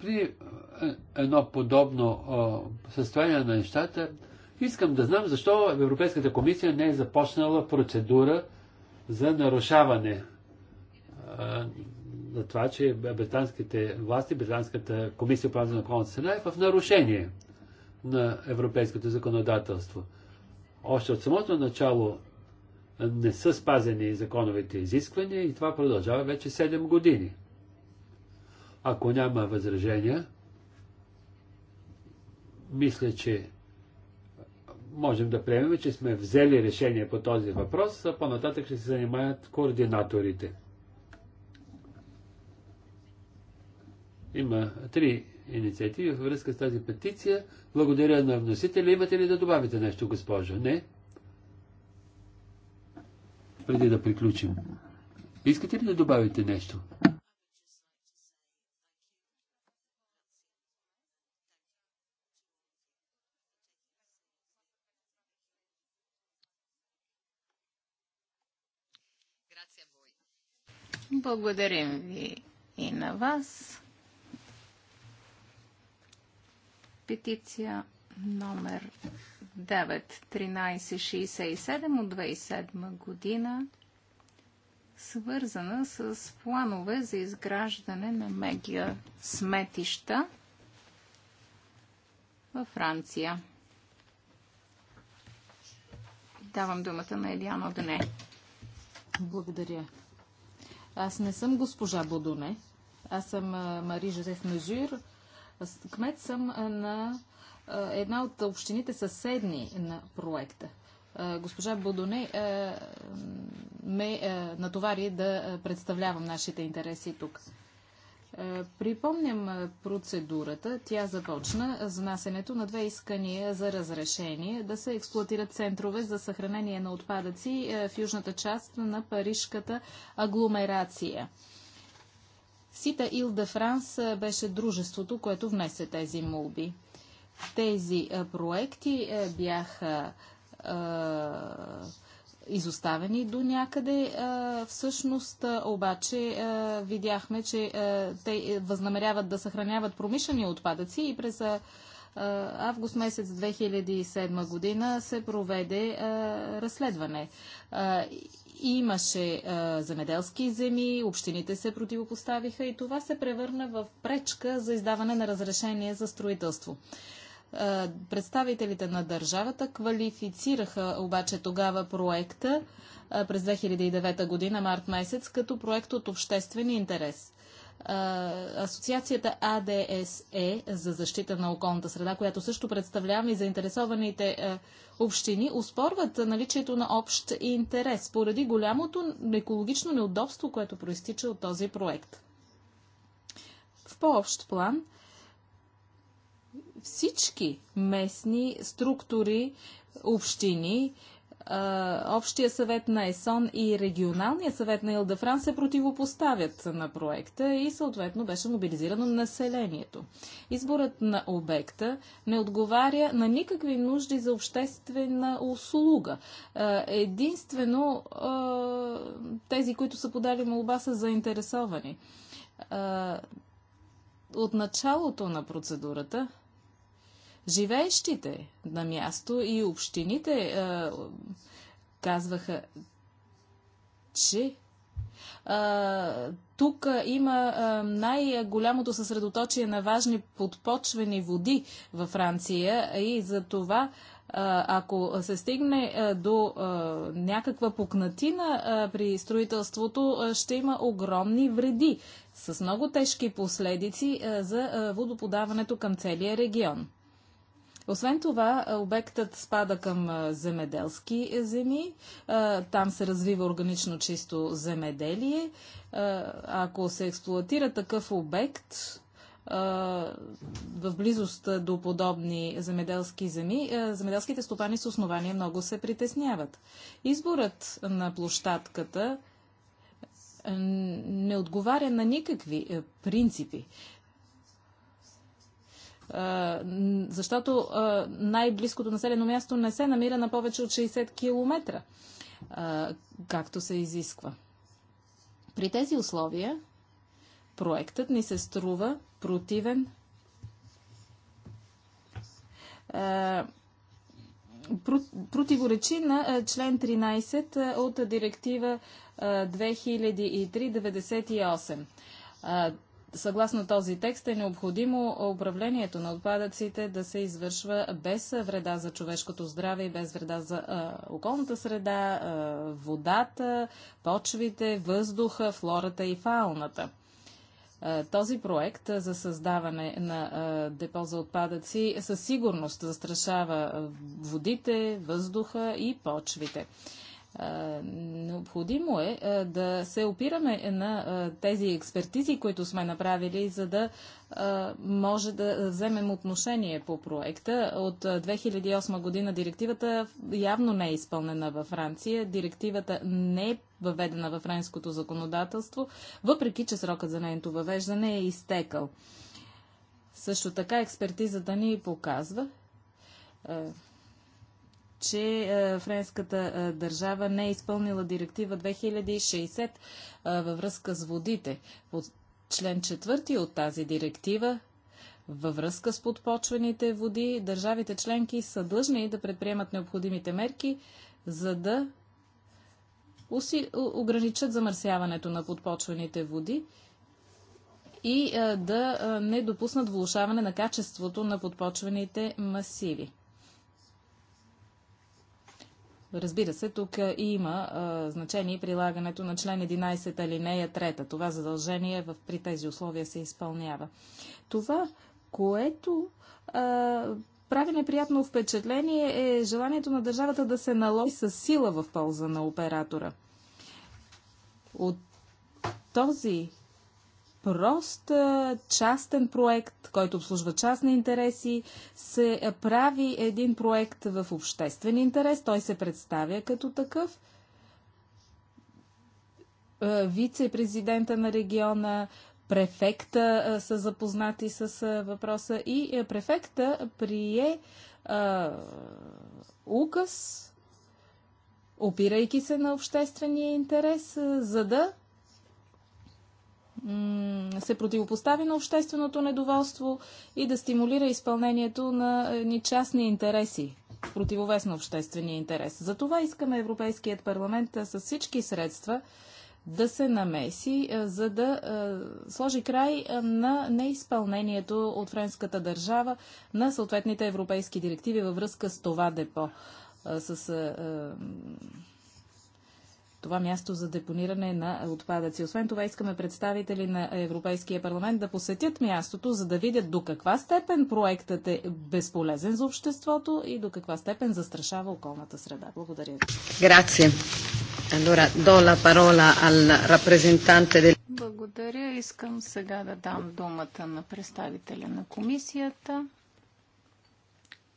при е, едно подобно състояние на нещата, искам да знам защо Европейската комисия не е започнала процедура за нарушаване на това, че британските власти, британската комисия по на околната среда е в нарушение на европейското законодателство. Още от самото начало не са спазени законовите изисквания и това продължава вече 7 години. Ако няма възражения, мисля, че можем да приемем, че сме взели решение по този въпрос, а по-нататък ще се занимаят координаторите. Има три инициативи във връзка с тази петиция. Благодаря на вносителя. Имате ли да добавите нещо, госпожо? Не? Преди да приключим. Искате ли да добавите нещо? Благодарим ви и на вас. Петиция номер 91367 от 2007 година, свързана с планове за изграждане на мегия сметища във Франция. Давам думата на Елиано Дене. Благодаря. Аз не съм госпожа Бодоне. Аз съм Мари Жозеф Мезюр. Кмет съм на една от общините съседни на проекта. Госпожа Бодоне ме натовари да представлявам нашите интереси тук. Е, припомням е, процедурата. Тя започна с внасенето на две искания за разрешение да се експлуатират центрове за съхранение на отпадъци е, в южната част на парижката агломерация. Сита Ил де Франс беше дружеството, което внесе тези молби. Тези проекти бяха изоставени до някъде. Всъщност обаче видяхме, че те е, възнамеряват да съхраняват промишлени отпадъци и през август месец 2007 година се проведе разследване. Имаше земеделски земи, общините се противопоставиха и това се превърна в пречка за издаване на разрешение за строителство. Е, представителите на държавата квалифицираха обаче тогава проекта е, през 2009 година, март месец, като проект от обществен интерес. Е, Асоциацията АДСЕ за защита на околната среда, която също представлява и заинтересованите общини, успорват наличието на общ интерес поради голямото екологично неудобство, което проистича от този проект. В по-общ план – всички местни структури, общини, Общия съвет на ЕСОН и Регионалния съвет на Илдафран се противопоставят на проекта и съответно беше мобилизирано населението. Изборът на обекта не отговаря на никакви нужди за обществена услуга. Единствено тези, които са подали молба, са заинтересовани. От началото на процедурата Живеещите на място и общините а, казваха, че а, тук има най-голямото съсредоточие на важни подпочвени води във Франция и за това а, ако се стигне а, до някаква пукнатина при строителството, ще има огромни вреди с много тежки последици за водоподаването към целия регион. Освен това, обектът спада към земеделски е, земи. Там се развива органично чисто земеделие. Ако се експлуатира такъв обект, в близост до подобни земеделски земи, земеделските стопани с основания много се притесняват. Изборът на площадката не отговаря на никакви принципи защото най-близкото населено място не се намира на повече от 60 км, както се изисква. При тези условия проектът ни се струва противен противоречи на член 13 от директива 2003-98. Съгласно този текст е необходимо управлението на отпадъците да се извършва без вреда за човешкото здраве и без вреда за а, околната среда, а, водата, почвите, въздуха, флората и фауната. този проект за създаване на депо за отпадъци със сигурност застрашава водите, въздуха и почвите. Необходимо е да се опираме на тези експертизи, които сме направили, за да може да вземем отношение по проекта. От 2008 година директивата явно не е изпълнена във Франция. Директивата не е въведена във френското законодателство, въпреки че срокът за нейното въвеждане е изтекал. Също така експертизата ни показва, че е, френската е, държава не е изпълнила директива 2060 е, във връзка с водите. От член 4 от тази директива във връзка с подпочвените води, държавите членки са длъжни да предприемат необходимите мерки, за да уси... ограничат замърсяването на подпочвените води и да не допуснат влушаване на качеството на подпочвените масиви. Разбира се, тук е, има а, е, значение прилагането на член 11 алинея 3. Това задължение в, при тези условия се изпълнява. Това, което а, е, прави неприятно впечатление е желанието на държавата да се наложи с сила в полза на оператора. От този прост частен проект, който обслужва частни интереси, се прави един проект в обществен интерес, той се представя като такъв. Вице-президента на региона, префекта са запознати с въпроса и префекта прие а, указ, опирайки се на обществения интерес, за да се противопостави на общественото недоволство и да стимулира изпълнението на ни частни интереси в противовес на обществения интерес. Затова искаме Европейският парламент с всички средства да се намеси, за да сложи край на неизпълнението от френската държава на съответните европейски директиви във връзка с това депо, с това място за депониране на отпадъци. Освен това искаме представители на Европейския парламент да посетят мястото, за да видят до каква степен проектът е безполезен за обществото и до каква степен застрашава околната среда. Благодаря ви. Грация. Allora, do la parola al rappresentante del... Благодаря. Искам сега да дам думата на представителя на комисията.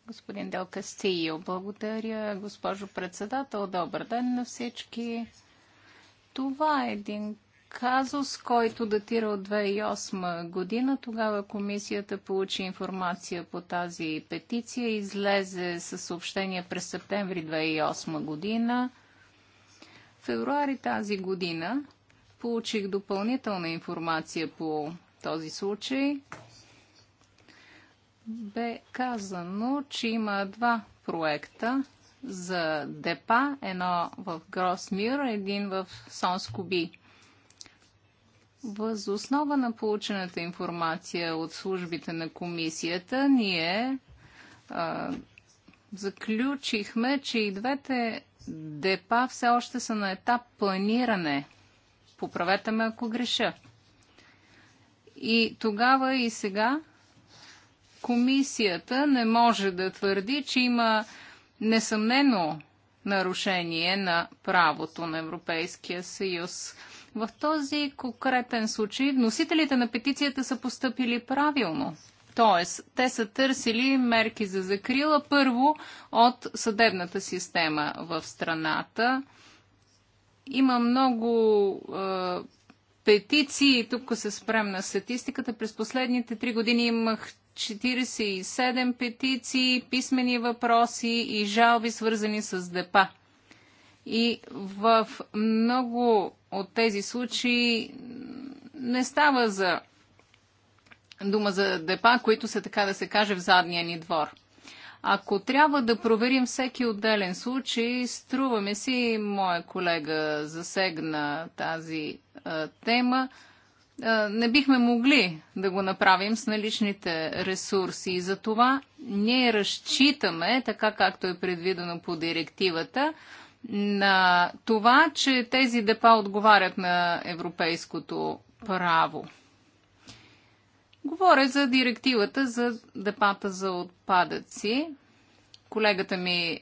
Господин Дел Кастио, благодаря, госпожо председател. Добър ден на всички. Това е един казус, който датира от 2008 година. Тогава комисията получи информация по тази петиция, излезе със съобщение през септември 2008 година. В февруари тази година получих допълнителна информация по този случай бе казано, че има два проекта за депа, едно в Гросмир, един в Сонскоби. Въз основа на получената информация от службите на комисията, ние а, заключихме, че и двете депа все още са на етап планиране. Поправете ме, ако греша. И тогава и сега комисията не може да твърди, че има несъмнено нарушение на правото на Европейския съюз. В този конкретен случай носителите на петицията са поступили правилно. Тоест, те са търсили мерки за закрила първо от съдебната система в страната. Има много е, петиции, тук се спрем на статистиката. През последните три години имах 47 петиции, писмени въпроси и жалби, свързани с депа. И в много от тези случаи не става за дума за депа, които са така да се каже в задния ни двор. Ако трябва да проверим всеки отделен случай, струваме си, моя колега засегна тази а, тема, не бихме могли да го направим с наличните ресурси. И за това ние разчитаме, така както е предвидено по директивата, на това, че тези депа отговарят на европейското право. Говоря за директивата за депата за отпадъци. Колегата ми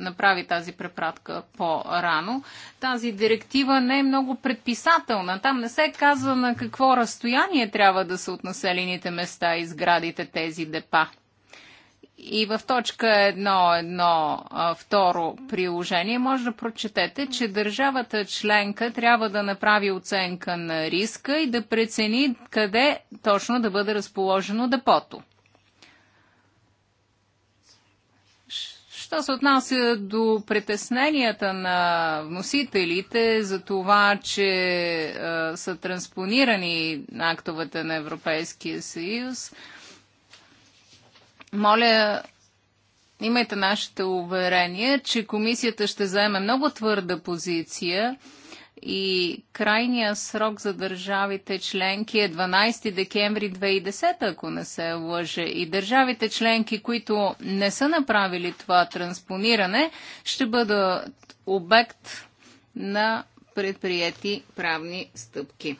направи тази препратка по-рано. Тази директива не е много предписателна. Там не се казва на какво разстояние трябва да са от населените места и сградите тези депа. И в точка Едно, второ приложение, може да прочетете, че държавата членка трябва да направи оценка на риска и да прецени къде точно да бъде разположено депото. Що се отнася до притесненията на вносителите за това, че е, са транспонирани актовете на Европейския съюз, моля, имайте нашите уверения, че комисията ще заеме много твърда позиция и крайния срок за държавите членки е 12 декември 2010, ако не се лъже. И държавите членки, които не са направили това транспониране, ще бъдат обект на предприяти правни стъпки.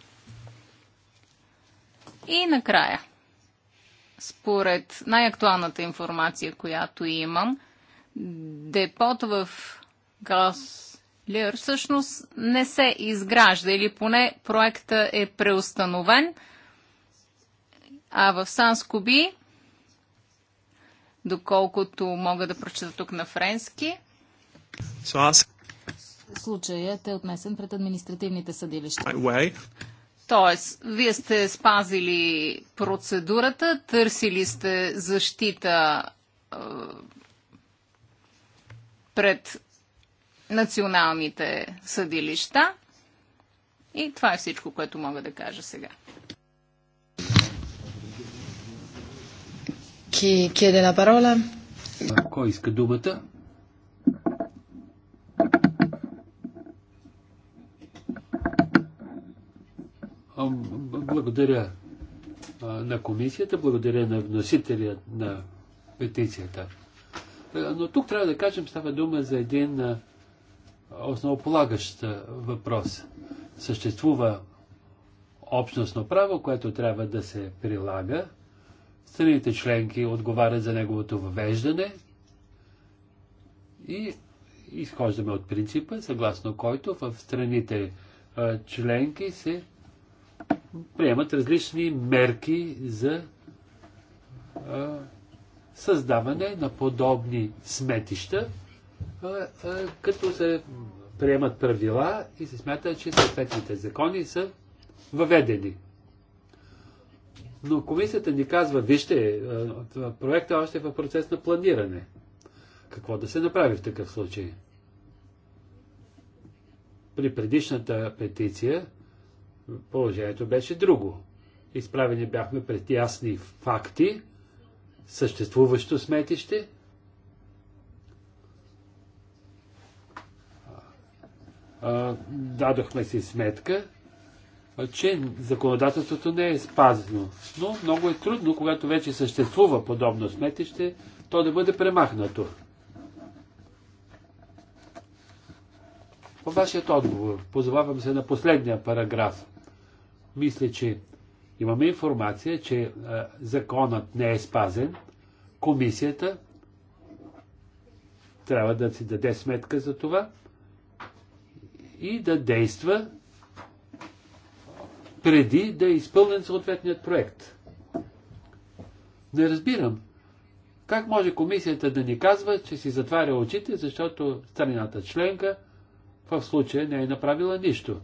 И накрая, според най-актуалната информация, която имам, депото в газ. Лир всъщност не се изгражда или поне проекта е преустановен, а в Санскоби, доколкото мога да прочета тук на френски, случаят е отнесен пред административните съдилища. Тоест, вие сте спазили процедурата, търсили сте защита пред националните съдилища. И това е всичко, което мога да кажа сега. Ки кеде на парола? Кой иска думата? Благодаря на комисията, благодаря на вносителя на петицията. Но тук трябва да кажем, става дума за един основополагащ въпрос. Съществува общностно право, което трябва да се прилага. Страните членки отговарят за неговото въвеждане и изхождаме от принципа, съгласно който в страните членки се приемат различни мерки за създаване на подобни сметища, като се приемат правила и се смята, че съответните закони са въведени. Но комисията ни казва, вижте, проектът още е в процес на планиране. Какво да се направи в такъв случай? При предишната петиция положението беше друго. Изправени бяхме пред ясни факти, съществуващо сметище – дадохме си сметка, че законодателството не е спазено. Но много е трудно, когато вече съществува подобно сметище, то да бъде премахнато. По вашият отговор, позовавам се на последния параграф. Мисля, че имаме информация, че законът не е спазен. Комисията трябва да си даде сметка за това и да действа преди да е изпълнен съответният проект. Не разбирам. Как може комисията да ни казва, че си затваря очите, защото страната членка в случая не е направила нищо?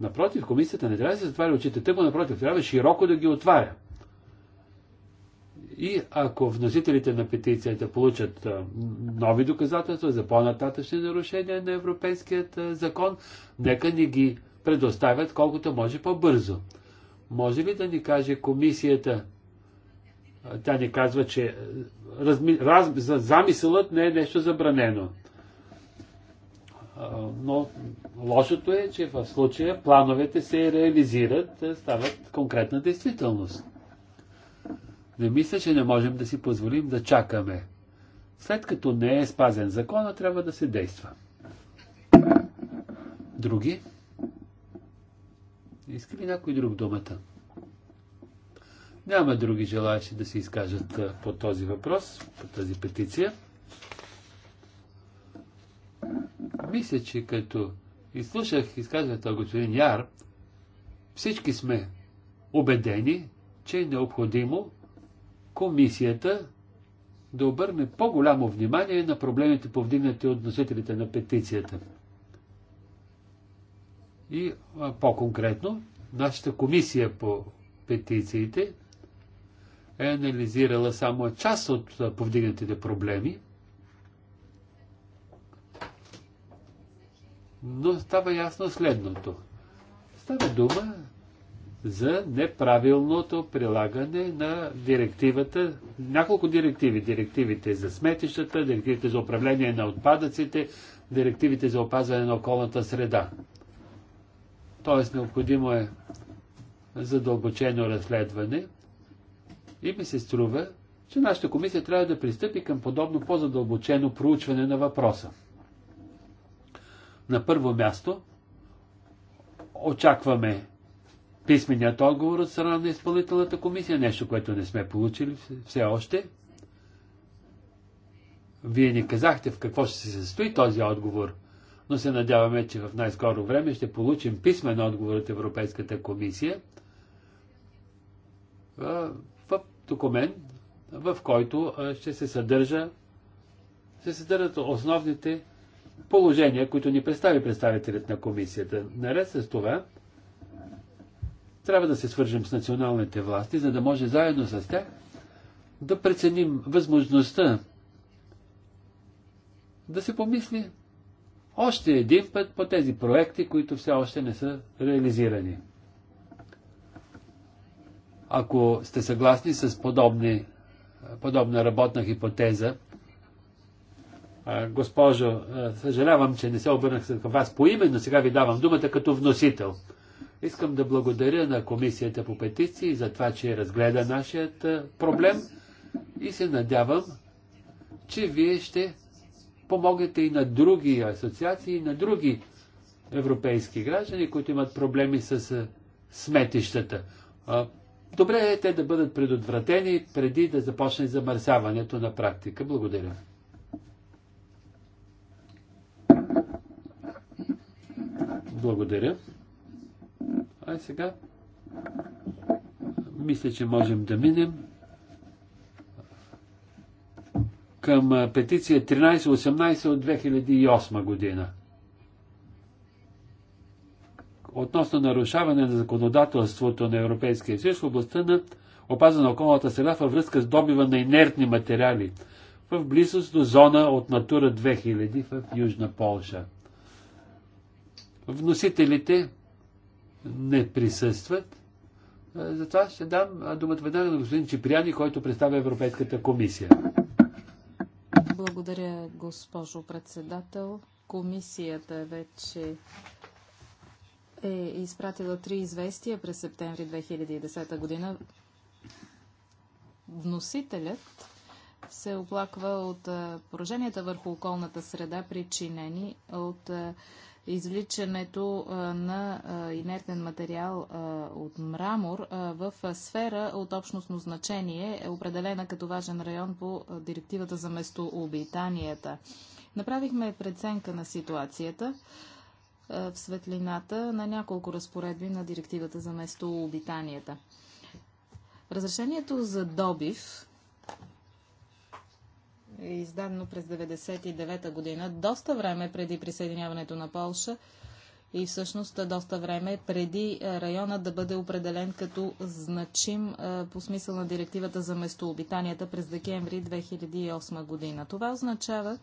Напротив, комисията не трябва да се затваря очите, тъй напротив, трябва широко да ги отваря. И ако вносителите на петицията получат нови доказателства за по-нататъчни нарушения на европейският закон, нека ни ги предоставят колкото може по-бързо. Може ли да ни каже комисията? Тя ни казва, че разми, раз, замисълът не е нещо забранено. Но лошото е, че в случая плановете се реализират, стават конкретна действителност. Не мисля, че не можем да си позволим да чакаме. След като не е спазен закона, трябва да се действа. Други? Иска ли някой друг думата? Няма други желаящи да се изкажат по този въпрос, по тази петиция. Мисля, че като изслушах изказването господин Яр, всички сме убедени, че е необходимо комисията да обърне по-голямо внимание на проблемите повдигнати от носителите на петицията. И по-конкретно, нашата комисия по петициите е анализирала само част от повдигнатите проблеми, но става ясно следното. Става дума за неправилното прилагане на директивата, няколко директиви. Директивите за сметищата, директивите за управление на отпадъците, директивите за опазване на околната среда. Тоест необходимо е задълбочено разследване и ми се струва, че нашата комисия трябва да пристъпи към подобно по-задълбочено проучване на въпроса. На първо място очакваме писменият отговор от страна на изпълнителната комисия, нещо, което не сме получили все още. Вие ни казахте в какво ще се състои този отговор, но се надяваме, че в най-скоро време ще получим писмен отговор от Европейската комисия в документ, в който ще се съдържа ще се съдържат основните положения, които ни представи представителят на комисията. Наред с това, трябва да се свържем с националните власти, за да може заедно с тях да преценим възможността да се помисли още един път по тези проекти, които все още не са реализирани. Ако сте съгласни с подобни, подобна работна хипотеза, госпожо, съжалявам, че не се обърнах към вас по име, но сега ви давам думата като вносител. Искам да благодаря на Комисията по петиции за това, че разгледа нашият проблем и се надявам, че вие ще помогнете и на други асоциации, и на други европейски граждани, които имат проблеми с сметищата. Добре е те да бъдат предотвратени преди да започне замърсяването на практика. Благодаря. Благодаря. А сега мисля, че можем да минем към петиция 1318 от 2008 година. Относно нарушаване на законодателството на Европейския съюз в областта на опазване на околната среда във връзка с добива на инертни материали в близост до зона от Натура 2000 в Южна Полша. Вносителите не присъстват. Е, затова ще дам думата веднага на господин Чиприяни, който представя Европейската комисия. Благодаря, госпожо председател. Комисията вече е изпратила три известия през септември 2010 година. Вносителят се оплаква от пораженията върху околната среда, причинени от извличането на инертен материал от мрамор в сфера от общностно значение, определена като важен район по директивата за местообитанията. Направихме преценка на ситуацията в светлината на няколко разпоредби на директивата за местообитанията. Разрешението за добив е издадено през 1999 година, доста време е преди присъединяването на Полша и всъщност доста време е преди е, района да бъде определен като значим по смисъл на директивата за местообитанията през декември 2008 година. Това означава,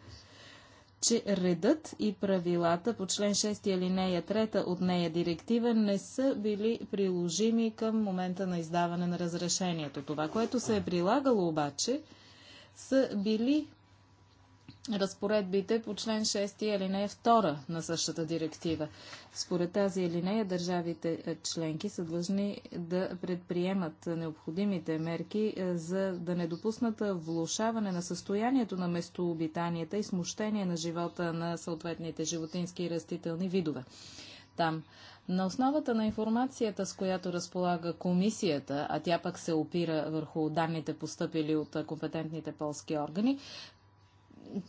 че редът и правилата по член 6 алинея 3 от нея директива не са били приложими към момента на издаване на разрешението. Това, което се е прилагало обаче, са били разпоредбите по член 6 алинея 2 на същата директива. Според тази алинея държавите е, членки са длъжни да предприемат необходимите мерки е, за да не допуснат влушаване на състоянието на местообитанията и смущение на живота на съответните животински и растителни видове. Там на основата на информацията, с която разполага комисията, а тя пък се опира върху данните поступили от компетентните полски органи,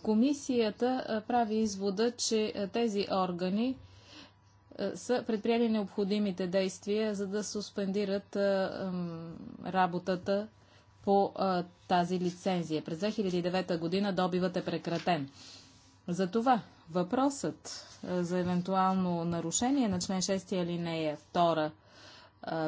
комисията прави извода, че тези органи са предприели необходимите действия, за да суспендират работата по тази лицензия. През 2009 година добивът е прекратен. За това. Въпросът е, за евентуално нарушение на член 6 алинея 2 е,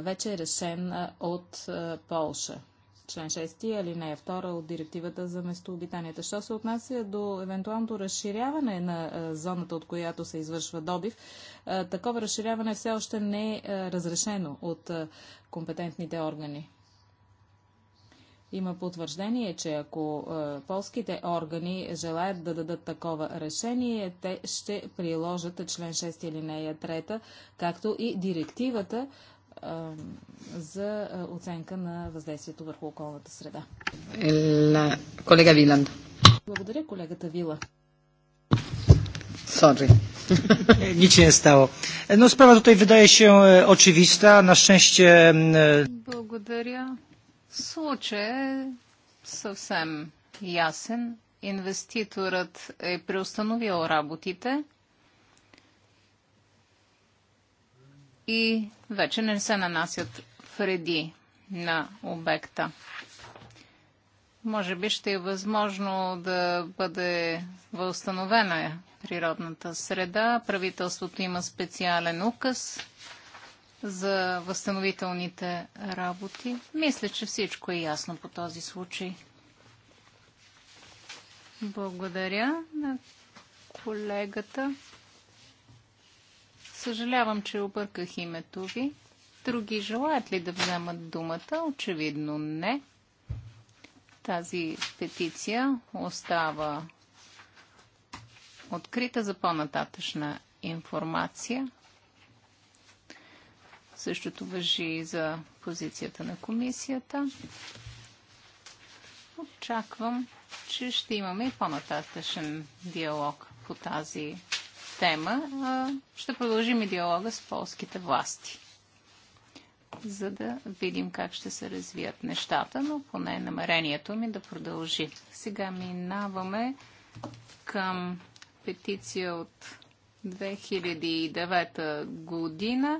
вече е решен е, от Полша. Член 6 алинея 2 от директивата за местообитанията. Що се отнася до евентуалното разширяване на зоната, от която се извършва добив, такова разширяване все още не е разрешено от компетентните органи. Има потвърждение, че ако е, полските органи желаят да дадат такова решение, те ще приложат член 6 или нея 3, както и директивата е, за е, оценка на въздействието върху околната среда. колега Виланд. Благодаря, колегата Вила. Sorry. Nic się nie stało. No sprawa tutaj wydaje się oczywista. Na szczęście... E, Благодаря. Случай е съвсем ясен. Инвеститорът е преустановил работите и вече не се нанасят вреди на обекта. Може би ще е възможно да бъде възстановена природната среда. Правителството има специален указ за възстановителните работи. Мисля, че всичко е ясно по този случай. Благодаря на колегата. Съжалявам, че обърках името ви. Други желаят ли да вземат думата? Очевидно не. Тази петиция остава открита за по-нататъчна информация. Същото въжи и за позицията на комисията. Очаквам, че ще имаме и по-нататъчен диалог по тази тема. Ще продължим и диалога с полските власти, за да видим как ще се развият нещата, но поне намерението ми да продължи. Сега минаваме към петиция от 2009 година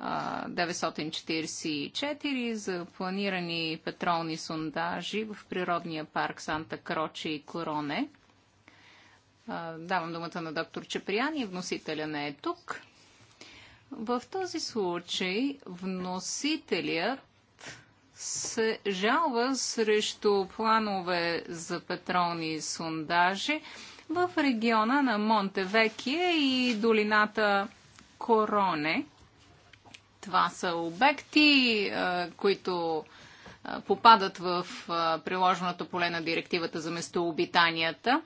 944 за планирани петролни сондажи в природния парк Санта Кроче и Короне. Давам думата на доктор Чеприяни, вносителя не е тук. В този случай вносителят се жалва срещу планове за петролни сондажи в региона на Монтевекия и долината Короне – това са обекти, които попадат в приложеното поле на директивата за местообитанията.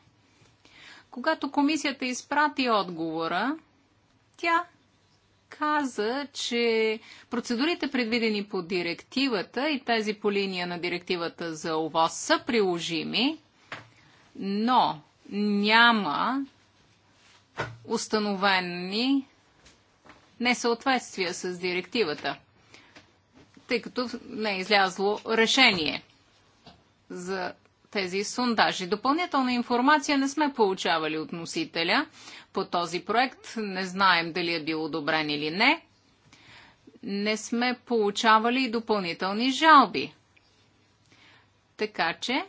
Когато комисията изпрати отговора, тя каза, че процедурите предвидени по директивата и тези по линия на директивата за ОВОС са приложими, но няма установени несъответствия с директивата, тъй като не е излязло решение за тези сондажи. Допълнителна информация не сме получавали от носителя по този проект. Не знаем дали е бил одобрен или не. Не сме получавали и допълнителни жалби. Така че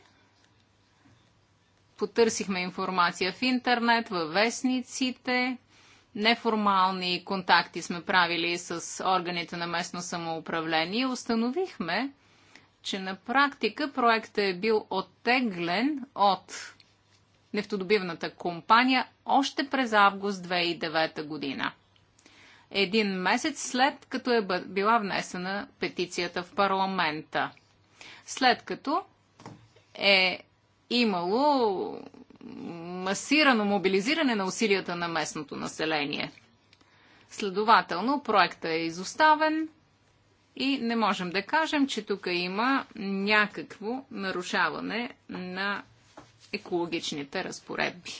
потърсихме информация в интернет, във вестниците, неформални контакти сме правили с органите на местно самоуправление установихме, че на практика проектът е бил оттеглен от нефтодобивната компания още през август 2009 година. Един месец след като е била внесена петицията в парламента. След като е имало масирано мобилизиране на усилията на местното население. Следователно, проектът е изоставен и не можем да кажем, че тук има някакво нарушаване на екологичните разпоредби.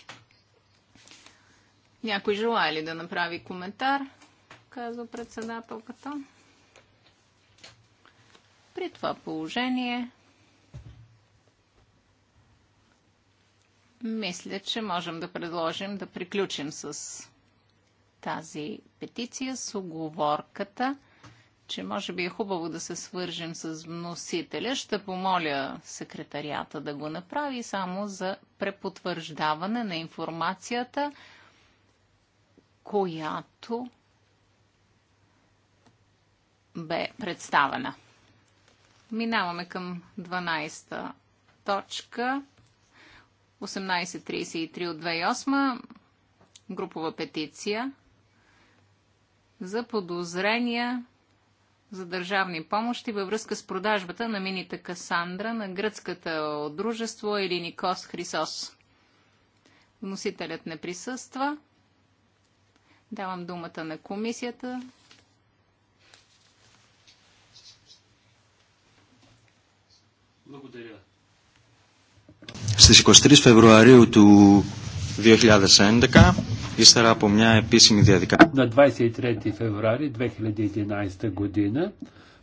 Някой желая ли да направи коментар? Казва председателката. При това положение Мисля, че можем да предложим да приключим с тази петиция с оговорката, че може би е хубаво да се свържем с вносителя. Ще помоля секретарията да го направи само за препотвърждаване на информацията, която бе представена. Минаваме към 12-та точка 1833 от 2008, групова петиция за подозрения за държавни помощи във връзка с продажбата на мините Касандра на гръцката дружество или Никос Хрисос. Вносителят не присъства. Давам думата на комисията. Благодаря στις 23 Φεβρουαρίου του 2011, ύστερα από μια επίσημη διαδικασία. На 23 февруари 2011 година,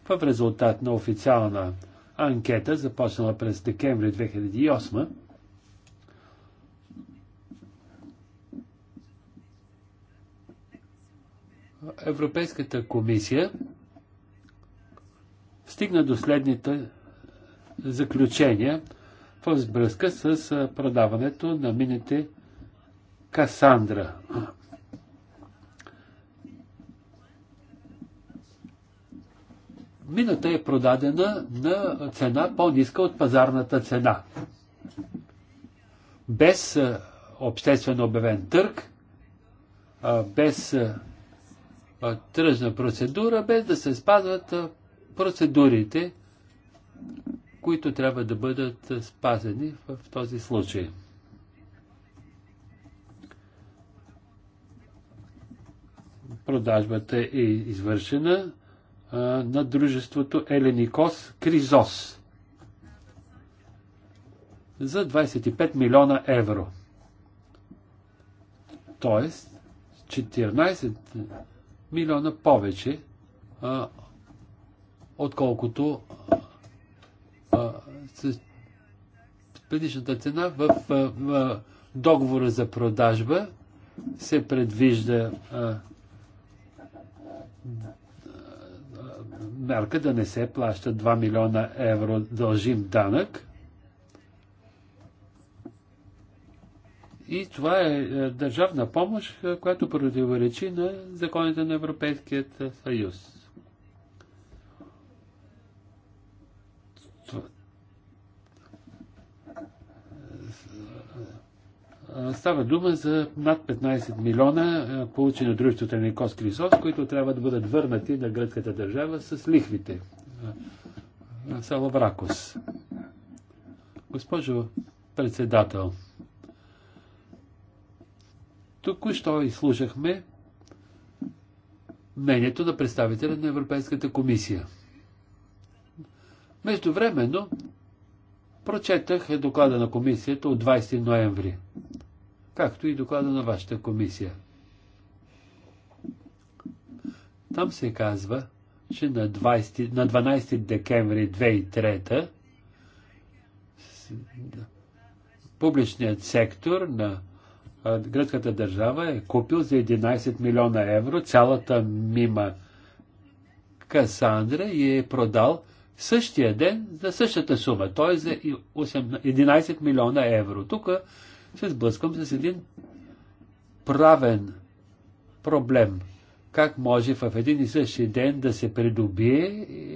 в резултат на официална анкета, започнала през декември 2008, Европейската комисия стигна до следните заключения – в сбръзка с продаването на мините Касандра. Мината е продадена на цена по-ниска от пазарната цена. Без обществено обявен търг, без тръжна процедура, без да се спазват процедурите които трябва да бъдат спазени в този случай. Продажбата е извършена а, на дружеството Еленикос Кризос за 25 милиона евро. Тоест 14 милиона повече, а, отколкото с предишната цена в, в, в договора за продажба се предвижда а, да не се плаща 2 милиона евро дължим данък. И това е, е държавна помощ, която противоречи на законите на Европейският съюз. Става дума за над 15 милиона, получени от дружеството Никос Крисос, които трябва да бъдат върнати на гръцката държава с лихвите. Салабракос. Госпожо председател, току-що изслушахме мнението на представителя на Европейската комисия. Междувременно, прочетах е доклада на комисията от 20 ноември както и доклада на вашата комисия. Там се казва, че на, 20, на 12 декември 2003 публичният сектор на гръцката държава е купил за 11 милиона евро цялата мима Касандра и е продал същия ден за същата сума, т.е. за 11 милиона евро. Тук се сблъсквам с един правен проблем. Как може в един и същи ден да се придобие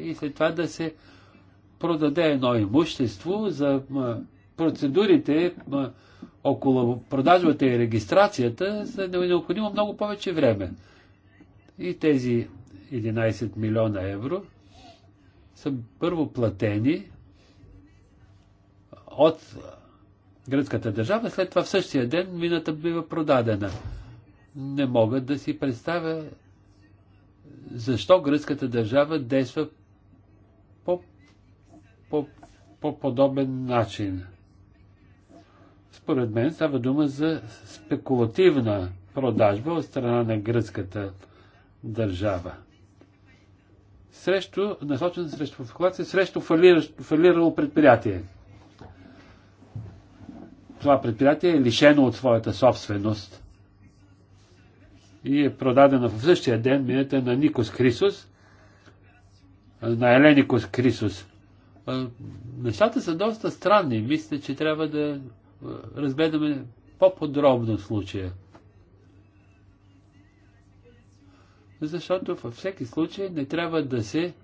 и след това да се продаде едно имущество за процедурите около продажбата и регистрацията са е необходимо много повече време. И тези 11 милиона евро са първо платени от гръцката държава, след това в същия ден мината бива продадена. Не мога да си представя защо гръцката държава действа по, по, по подобен начин. Според мен става дума за спекулативна продажба от страна на гръцката държава. Срещу, насочен срещу фалиращо срещу фалирало предприятие това предприятие е лишено от своята собственост и е продадено в същия ден мината на Никос Хрисус. на Еленикос Крисус. Нещата са доста странни. Мисля, че трябва да разгледаме по-подробно случая. Защото във всеки случай не трябва да се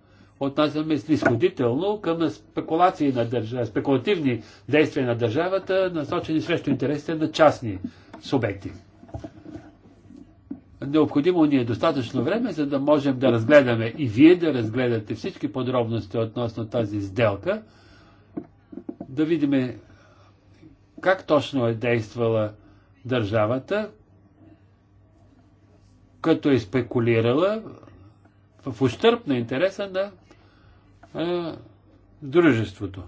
отнасяме снисходително към спекулации на държа, спекулативни действия на държавата, насочени срещу интересите на частни субекти. Необходимо ни е достатъчно време, за да можем да разгледаме и вие да разгледате всички подробности относно тази сделка, да видим как точно е действала държавата, като е спекулирала в ущърп на интереса на дружеството.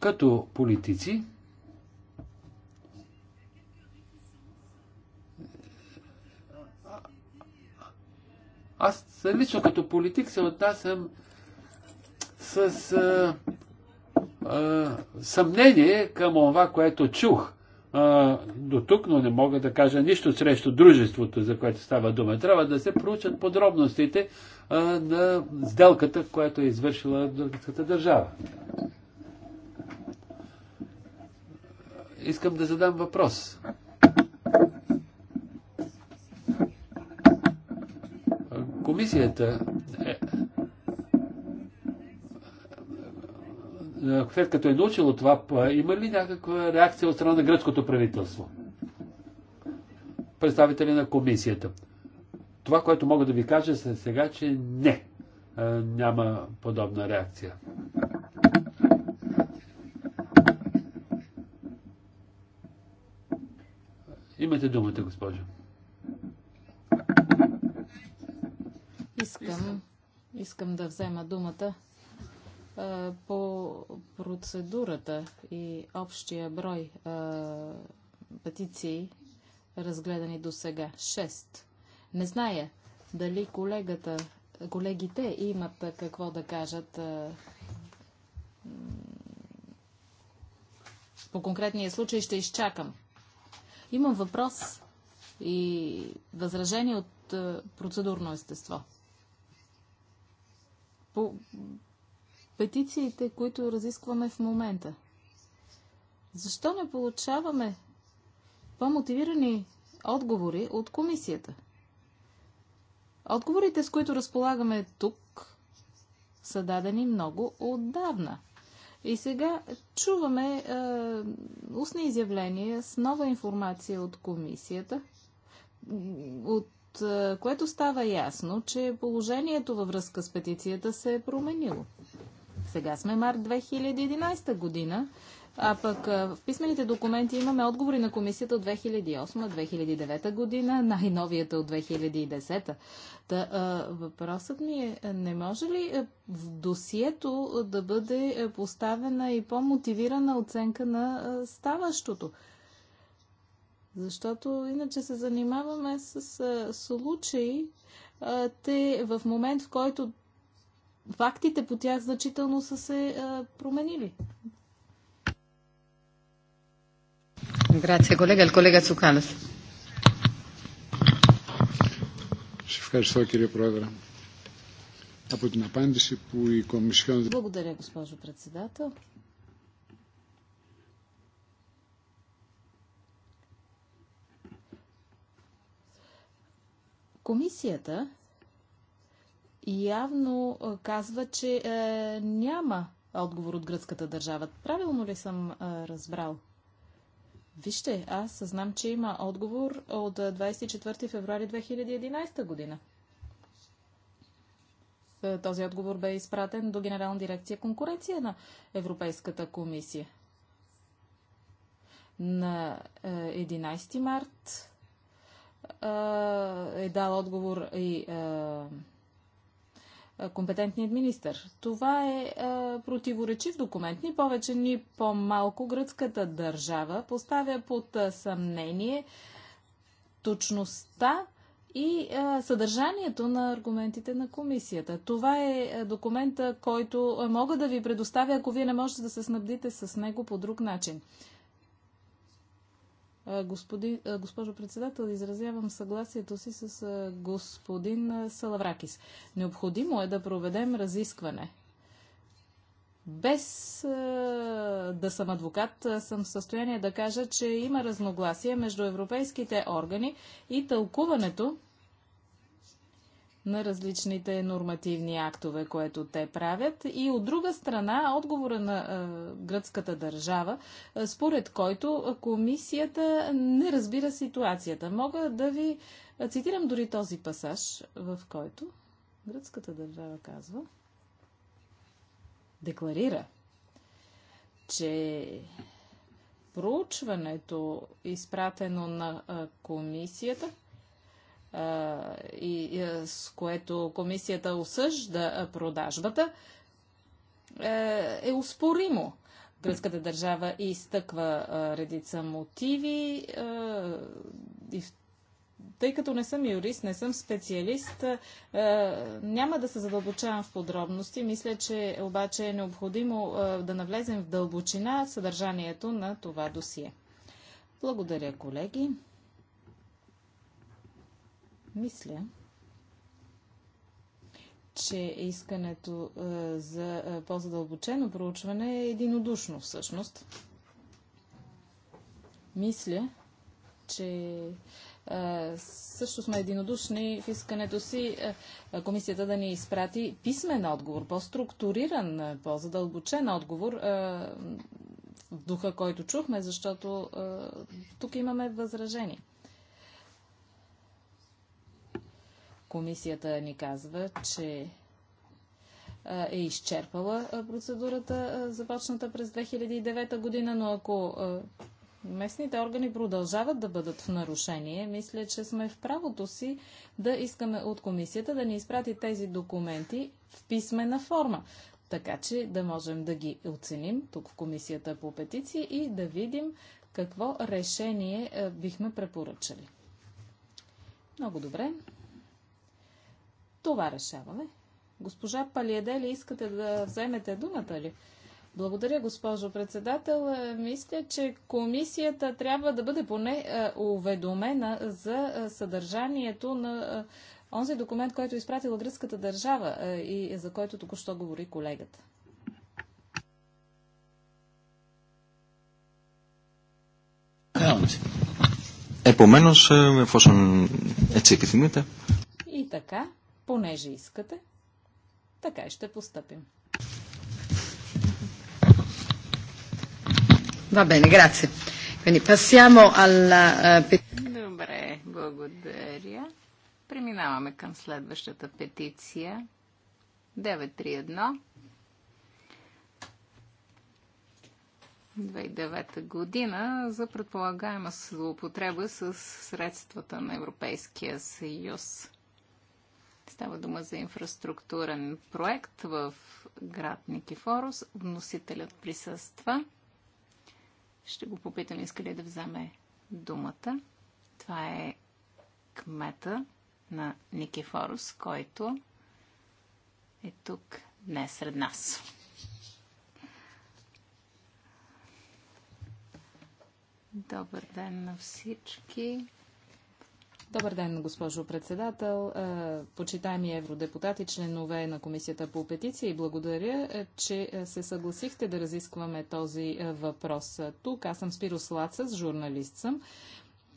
Като политици, аз лично като политик се отнасям с а, а, съмнение към това, което чух до тук, но не мога да кажа нищо срещу дружеството, за което става дума. Трябва да се проучат подробностите а, на сделката, която е извършила българската държава. Искам да задам въпрос. Комисията след като е научило това, има ли някаква реакция от страна на гръцкото правителство? Представители на комисията. Това, което мога да ви кажа сега, че не, няма подобна реакция. Имате думата, госпожо. Искам, искам да взема думата по процедурата и общия брой а, петиции, разгледани до сега. 6. Не зная дали колегата, колегите имат какво да кажат а, по конкретния случай ще изчакам. Имам въпрос и възражение от процедурно естество. По петициите, които разискваме в момента. Защо не получаваме по-мотивирани отговори от комисията? Отговорите, с които разполагаме тук, са дадени много отдавна. И сега чуваме е, устни изявления с нова информация от комисията, от е, което става ясно, че положението във връзка с петицията се е променило. Сега сме март 2011 година, а пък в писмените документи имаме отговори на комисията от 2008-2009 година, най-новията от 2010. Та, а, въпросът ми е, не може ли в досието да бъде поставена и по-мотивирана оценка на ставащото? Защото иначе се занимаваме с случаи, те в момент, в който фактите по тях значително са се променили. Grazie collega. Il collega Tsoukalas. Σε ευχαριστώ κύριε Πρόεδρε. Από την απάντηση που η Κομισιόν... Благодаря, госпожо председател. Комисията явно казва, че е, няма отговор от гръцката държава. Правилно ли съм е, разбрал? Вижте, аз знам, че има отговор от 24 февруари 2011 година. Е, този отговор бе изпратен до Генерална дирекция конкуренция на Европейската комисия. На 11 е, март е дал отговор и е, компетентният министр. Това е противоречив документ. Ни повече, ни по-малко гръцката държава поставя под съмнение точността и съдържанието на аргументите на комисията. Това е документа, който мога да ви предоставя, ако вие не можете да се снабдите с него по друг начин. Господин, госпожо председател, изразявам съгласието си с господин Салавракис. Необходимо е да проведем разискване. Без да съм адвокат, съм в състояние да кажа, че има разногласие между европейските органи и тълкуването на различните нормативни актове, което те правят. И от друга страна, отговора на а, гръцката държава, а, според който комисията не разбира ситуацията. Мога да ви цитирам дори този пасаж, в който гръцката държава казва, декларира, че проучването, изпратено на комисията, и с което комисията осъжда продажбата, е, е успоримо. Гръцката държава изтъква редица мотиви тъй като не съм юрист, не съм специалист, няма да се задълбочавам в подробности. Мисля, че обаче е необходимо да навлезем в дълбочина съдържанието на това досие. Благодаря, колеги. Мисля, че искането е, за е, по-задълбочено проучване е единодушно всъщност. Мисля, че е, също сме единодушни в искането си комисията да ни изпрати писмен отговор, по-структуриран, по-задълбочен отговор в духа, който чухме, защото тук имаме възражение. Комисията ни казва, че е изчерпала процедурата, започната през 2009 година, но ако местните органи продължават да бъдат в нарушение, мисля, че сме в правото си да искаме от комисията да ни изпрати тези документи в писмена форма, така че да можем да ги оценим тук в комисията по петиции и да видим какво решение бихме препоръчали. Много добре. Това решаваме. Госпожа Палиедели, искате да вземете думата ли? Благодаря, госпожо председател. Е, мисля, че комисията трябва да бъде поне е, уведомена за е, съдържанието на онзи документ, който е изпратила гръцката държава и за който току-що говори колегата. Επομένως, εφόσον έτσι επιθυμείτε. И така, понеже искате, така и ще постъпим. Va bene, grazie. Quindi passiamo alla... Eh, Добре, благодаря. Преминаваме към следващата петиция. 931. 2009 година за предполагаема злоупотреба с средствата на Европейския съюз. Става дума за инфраструктурен проект в град Никифорос. Вносителят присъства. Ще го попитам, иска ли да вземе думата. Това е кмета на Никифорос, който е тук днес сред нас. Добър ден на всички. Добър ден, госпожо председател, е, почитаеми евродепутати, членове на Комисията по петиции. Благодаря, е, че е, се съгласихте да разискваме този въпрос тук. Аз съм Спирос Лацас, журналист съм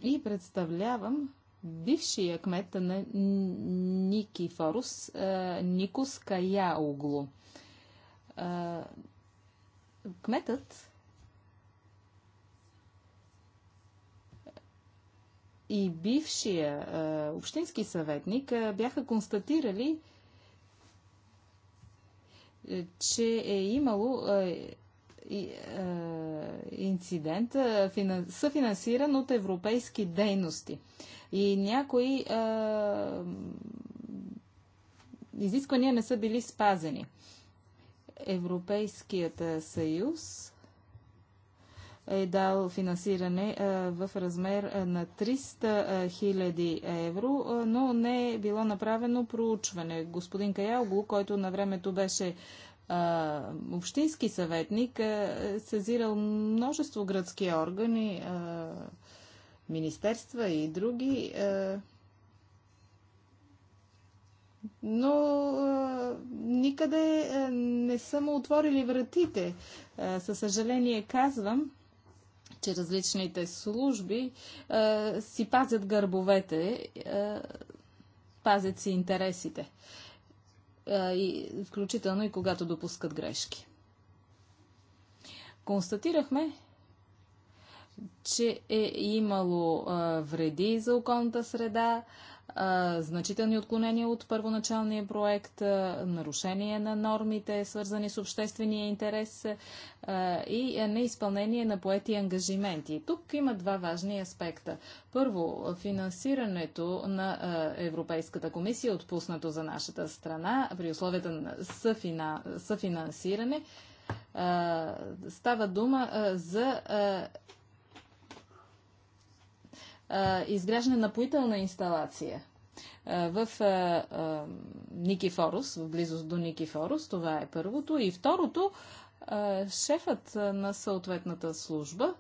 и представлявам бившия кмет на Никифорус, Никос Каяоглу. Кметът и бившия общински съветник бяха констатирали, е, че е имало инцидент, съфинансиран от европейски дейности. И някои изисквания не са били спазени. Европейският съюз е дал финансиране в размер на 300 000 евро, но не е било направено проучване. Господин Каялго, който на времето беше общински съветник, сезирал множество градски органи, министерства и други. Но а, никъде а, не са му отворили вратите. А, със съжаление казвам, че различните служби е, си пазят гърбовете, е, пазят си интересите, е, и, включително и когато допускат грешки. Констатирахме, че е имало е, вреди за околната среда, е, значителни отклонения от първоначалния проект, нарушение на нормите, свързани с обществения интерес и неизпълнение на поети ангажименти. Тук има два важни аспекта. Първо, финансирането на Европейската комисия, отпуснато за нашата страна, при условията на съфина... съфинансиране, става дума за изграждане на напоителна инсталация в Никифорус, в близост до Никифорус. Това е първото. И второто, шефът на съответната служба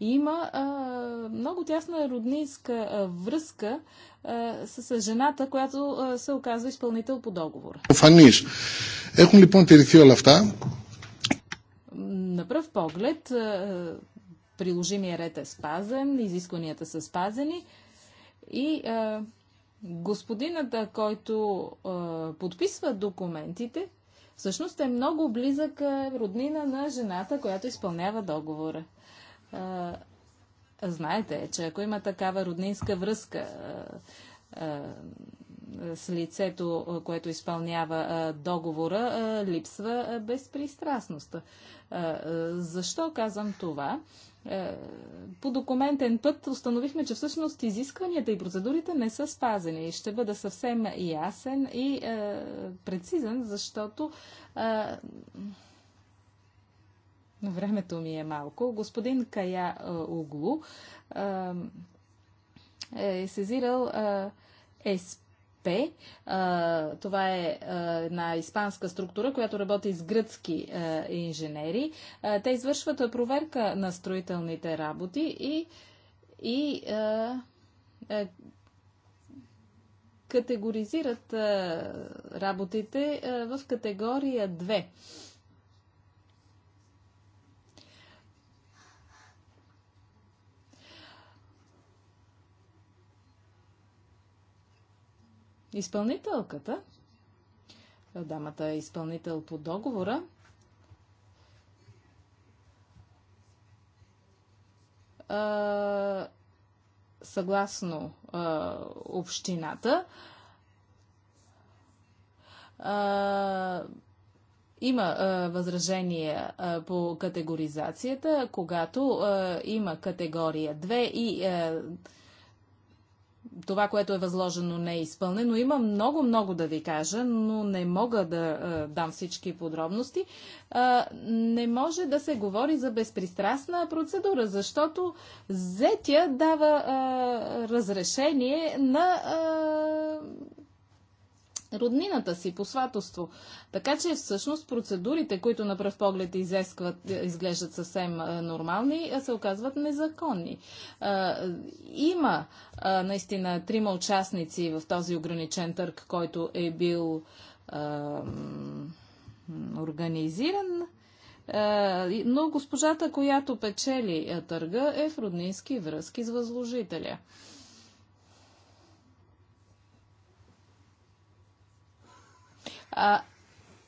има много тясна роднинска връзка с, жената, която се оказва изпълнител по договора. Фаниш. Έχουν λοιπόν τηρηθεί олафта? На пръв поглед, приложимия ред е спазен, изискванията са спазени и а, господината, който а, подписва документите, всъщност е много близък а, роднина на жената, която изпълнява договора. А, знаете, че ако има такава роднинска връзка, а, а, с лицето, което изпълнява договора, липсва безпристрастност. Защо казвам това? Е, по документен път установихме, че всъщност изискванията и процедурите не са спазени. Ще бъда съвсем ясен и е, прецизен, защото е, времето ми е малко. Господин Кая е, Углу е, е сезирал е, ЕСП ЕИП. Това е една испанска структура, която работи с гръцки инженери. Те извършват проверка на строителните работи и, и категоризират работите в категория 2 Изпълнителката, дамата е изпълнител по договора, съгласно общината, има възражение възражения по категоризацията, когато има категория 2 и това, което е възложено, не е изпълнено. Има много, много да ви кажа, но не мога да дам всички подробности. не може да се говори за безпристрастна процедура, защото зетя дава разрешение на роднината си по сватоство. Така че всъщност процедурите, които на пръв поглед изескват, изглеждат съвсем нормални, се оказват незаконни. има наистина трима участници в този ограничен търг, който е бил организиран. Но госпожата, която печели търга, е в роднински връзки с възложителя. А,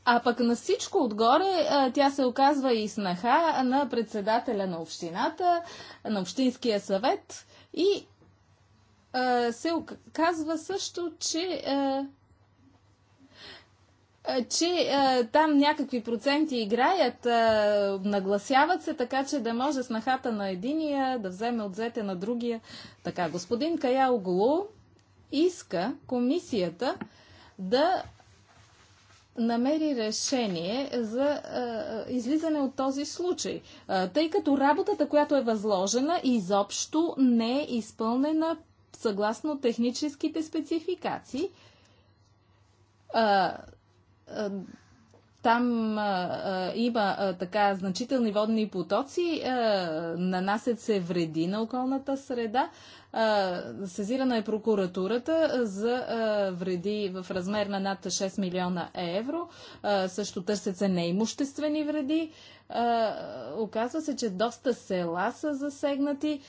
а пък на всичко отгоре а, тя се оказва и снаха на председателя на общината, на общинския съвет и а, се оказва също, че а, че е, там някакви проценти играят, е, нагласяват се, така че да може снахата на единия да вземе отзете на другия. Така, господин Каяоглу иска комисията да намери решение за а, излизане от този случай, а, тъй като работата, която е възложена, изобщо не е изпълнена съгласно техническите спецификации. А, там а, има а, така значителни водни потоци, а, нанасят се вреди на околната среда. А, сезирана е прокуратурата за а, вреди в размер на над 6 милиона евро. А, също търсят се неимуществени вреди. А, оказва се, че доста села са засегнати.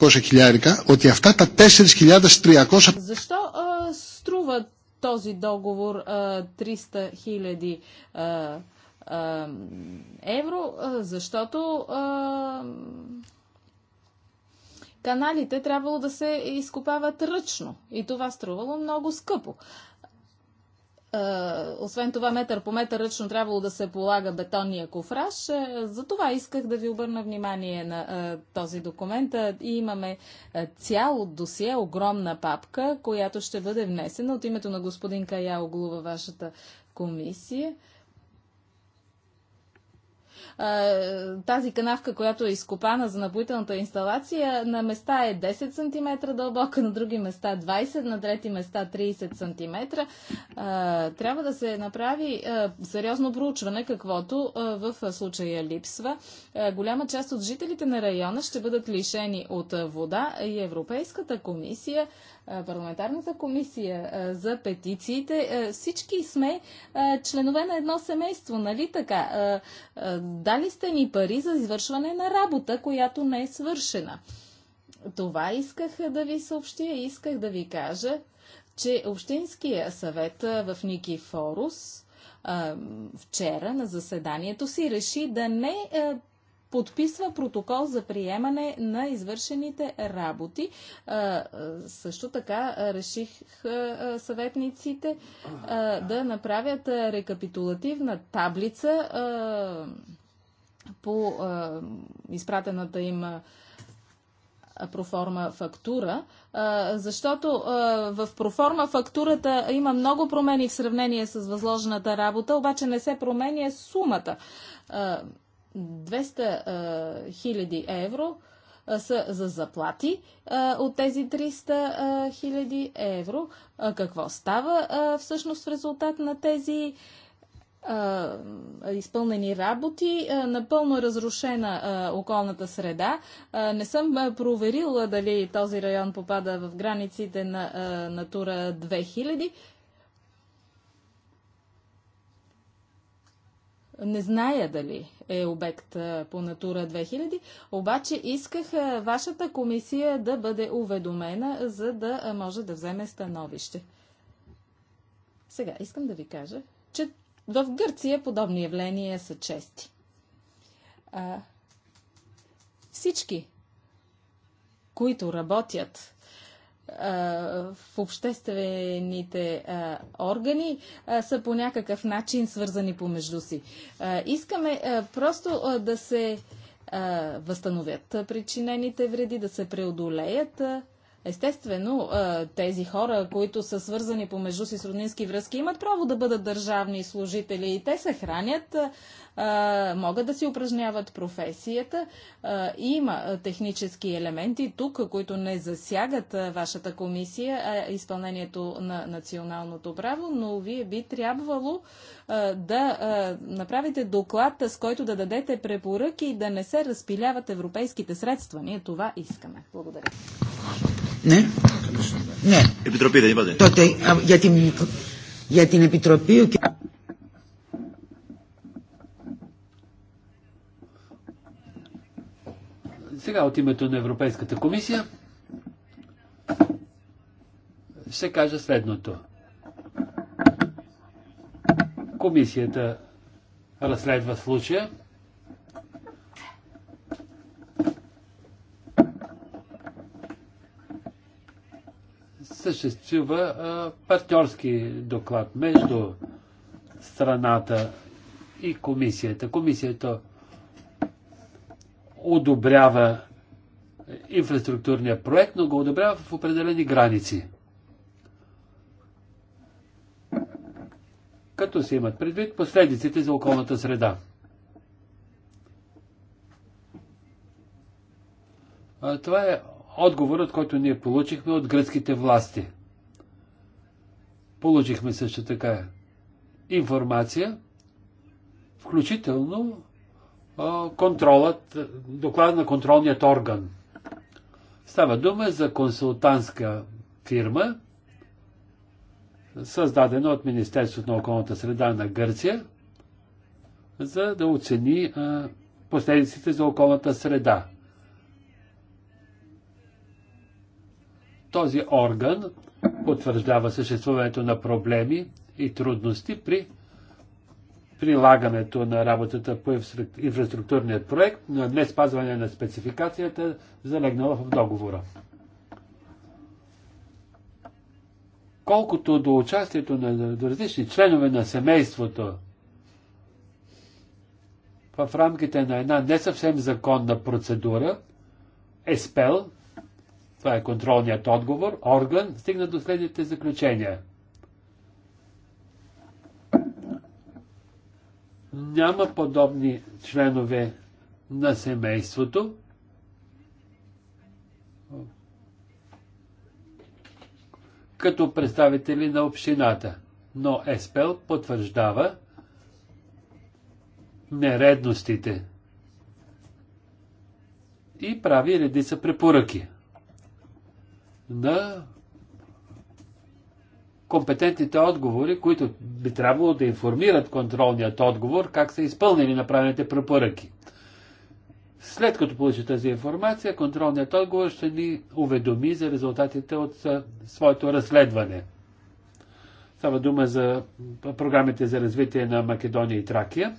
200 хилиарика, от αυτά 4.300... Защо а, струват този договор 300 хиляди евро, защото каналите трябвало да се изкопават ръчно и това струвало много скъпо. Е, освен това метър по метър ръчно трябвало да се полага бетонния кофраж. Е, за това исках да ви обърна внимание на е, този документ. И имаме цяло досие, огромна папка, която ще бъде внесена от името на господин Кая във вашата комисия тази канавка, която е изкопана за напоителната инсталация, на места е 10 см дълбока, на други места 20, на трети места 30 см. Трябва да се направи сериозно проучване, каквото в случая липсва. Голяма част от жителите на района ще бъдат лишени от вода и Европейската комисия парламентарната комисия за петициите, всички сме членове на едно семейство, нали така? Дали сте ни пари за извършване на работа, която не е свършена. Това исках да ви съобщя и исках да ви кажа, че Общинския съвет в Никифорус Форус вчера на заседанието си реши да не подписва протокол за приемане на извършените работи. Също така реших съветниците да направят рекапитулативна таблица по изпратената им проформа фактура, защото в проформа фактурата има много промени в сравнение с възложената работа, обаче не се променя сумата. 200 хиляди евро са за заплати от тези 300 хиляди евро. Какво става всъщност в резултат на тези изпълнени работи, напълно разрушена околната среда. Не съм проверила дали този район попада в границите на Натура 2000. не зная дали е обект по Натура 2000, обаче исках вашата комисия да бъде уведомена, за да може да вземе становище. Сега искам да ви кажа, че в Гърция подобни явления са чести. А, всички, които работят в обществените органи са по някакъв начин свързани помежду си. искаме просто да се възстановят причинените вреди, да се преодолеят Естествено, тези хора, които са свързани помежду си с роднински връзки, имат право да бъдат държавни служители и те се хранят, могат да си упражняват професията. Има технически елементи тук, които не засягат вашата комисия, а изпълнението на националното право, но вие би трябвало да направите доклад, с който да дадете препоръки и да не се разпиляват европейските средства. Ние това искаме. Благодаря. Ναι. ναι. Επιτροπή δεν είπατε. Τότε α, για την, για την Επιτροπή... Και... Сега от името на Европейската комисия ще кажа следното. Комисията разследва случая. съществува партньорски доклад между страната и комисията. Комисията одобрява инфраструктурния проект, но го одобрява в определени граници. Като се имат предвид последиците за околната среда. Това е отговорът, който ние получихме от гръцките власти. Получихме също така информация, включително контролът, доклад на контролният орган. Става дума за консултантска фирма, създадена от Министерството на околната среда на Гърция, за да оцени последиците за околната среда. Този орган потвърждава съществуването на проблеми и трудности при прилагането на работата по инфраструктурният проект, на не спазване на спецификацията, залегнала в договора. Колкото до участието на до различни членове на семейството в рамките на една не съвсем законна процедура, ЕСПЕЛ, това е контролният отговор, орган, стигна до следните заключения. Няма подобни членове на семейството, като представители на общината. Но Еспел потвърждава нередностите и прави редица препоръки на компетентните отговори, които би трябвало да информират контролният отговор как са изпълнени направените препоръки. След като получи тази информация, контролният отговор ще ни уведоми за резултатите от своето разследване. Става дума за програмите за развитие на Македония и Тракия.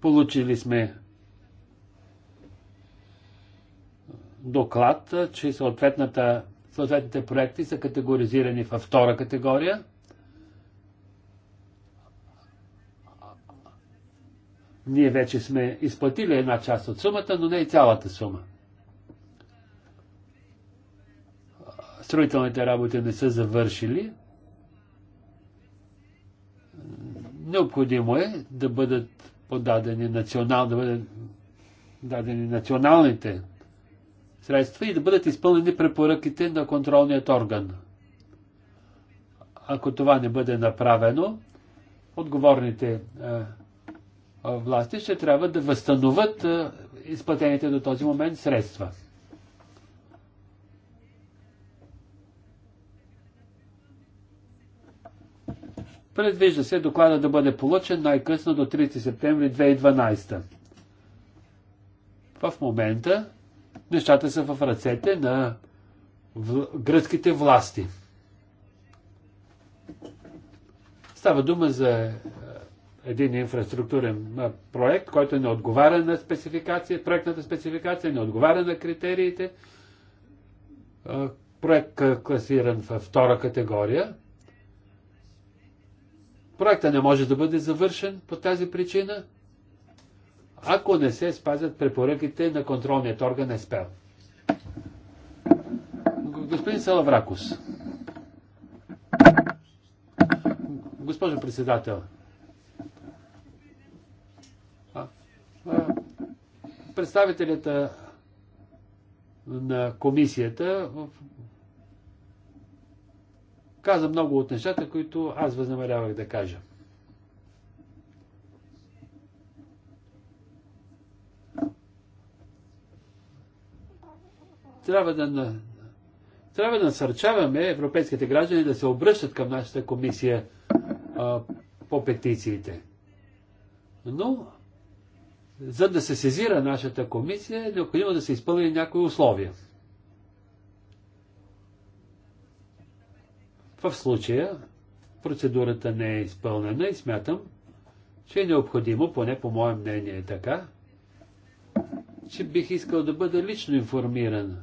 Получили сме доклад, че съответните проекти са категоризирани във втора категория. Ние вече сме изплатили една част от сумата, но не и цялата сума. Строителните работи не са завършили. Необходимо е да бъдат подадени национал, да бъдат дадени националните средства и да бъдат изпълнени препоръките на контролният орган. Ако това не бъде направено, отговорните е, власти ще трябва да възстановят е, изплатените до този момент средства. Предвижда се доклада да бъде получен най-късно до 30 септември 2012. В момента нещата са в ръцете на гръцките власти. Става дума за е, един инфраструктурен проект, който не отговаря на спецификация, проектната спецификация, не отговаря на критериите. Проект класиран във втора категория. Проектът не може да бъде завършен по тази причина – ако не се спазят препоръките на контролният орган е спел. Господин Салавракус. Госпожо председател. Представителята на комисията каза много от нещата, които аз възнамерявах да кажа. Трябва да, трябва да насърчаваме европейските граждани да се обръщат към нашата комисия а, по петициите. Но, за да се сезира нашата комисия, е необходимо да се изпълни някои условия. В случая процедурата не е изпълнена и смятам, че е необходимо, поне по мое мнение е така, че бих искал да бъда лично информиран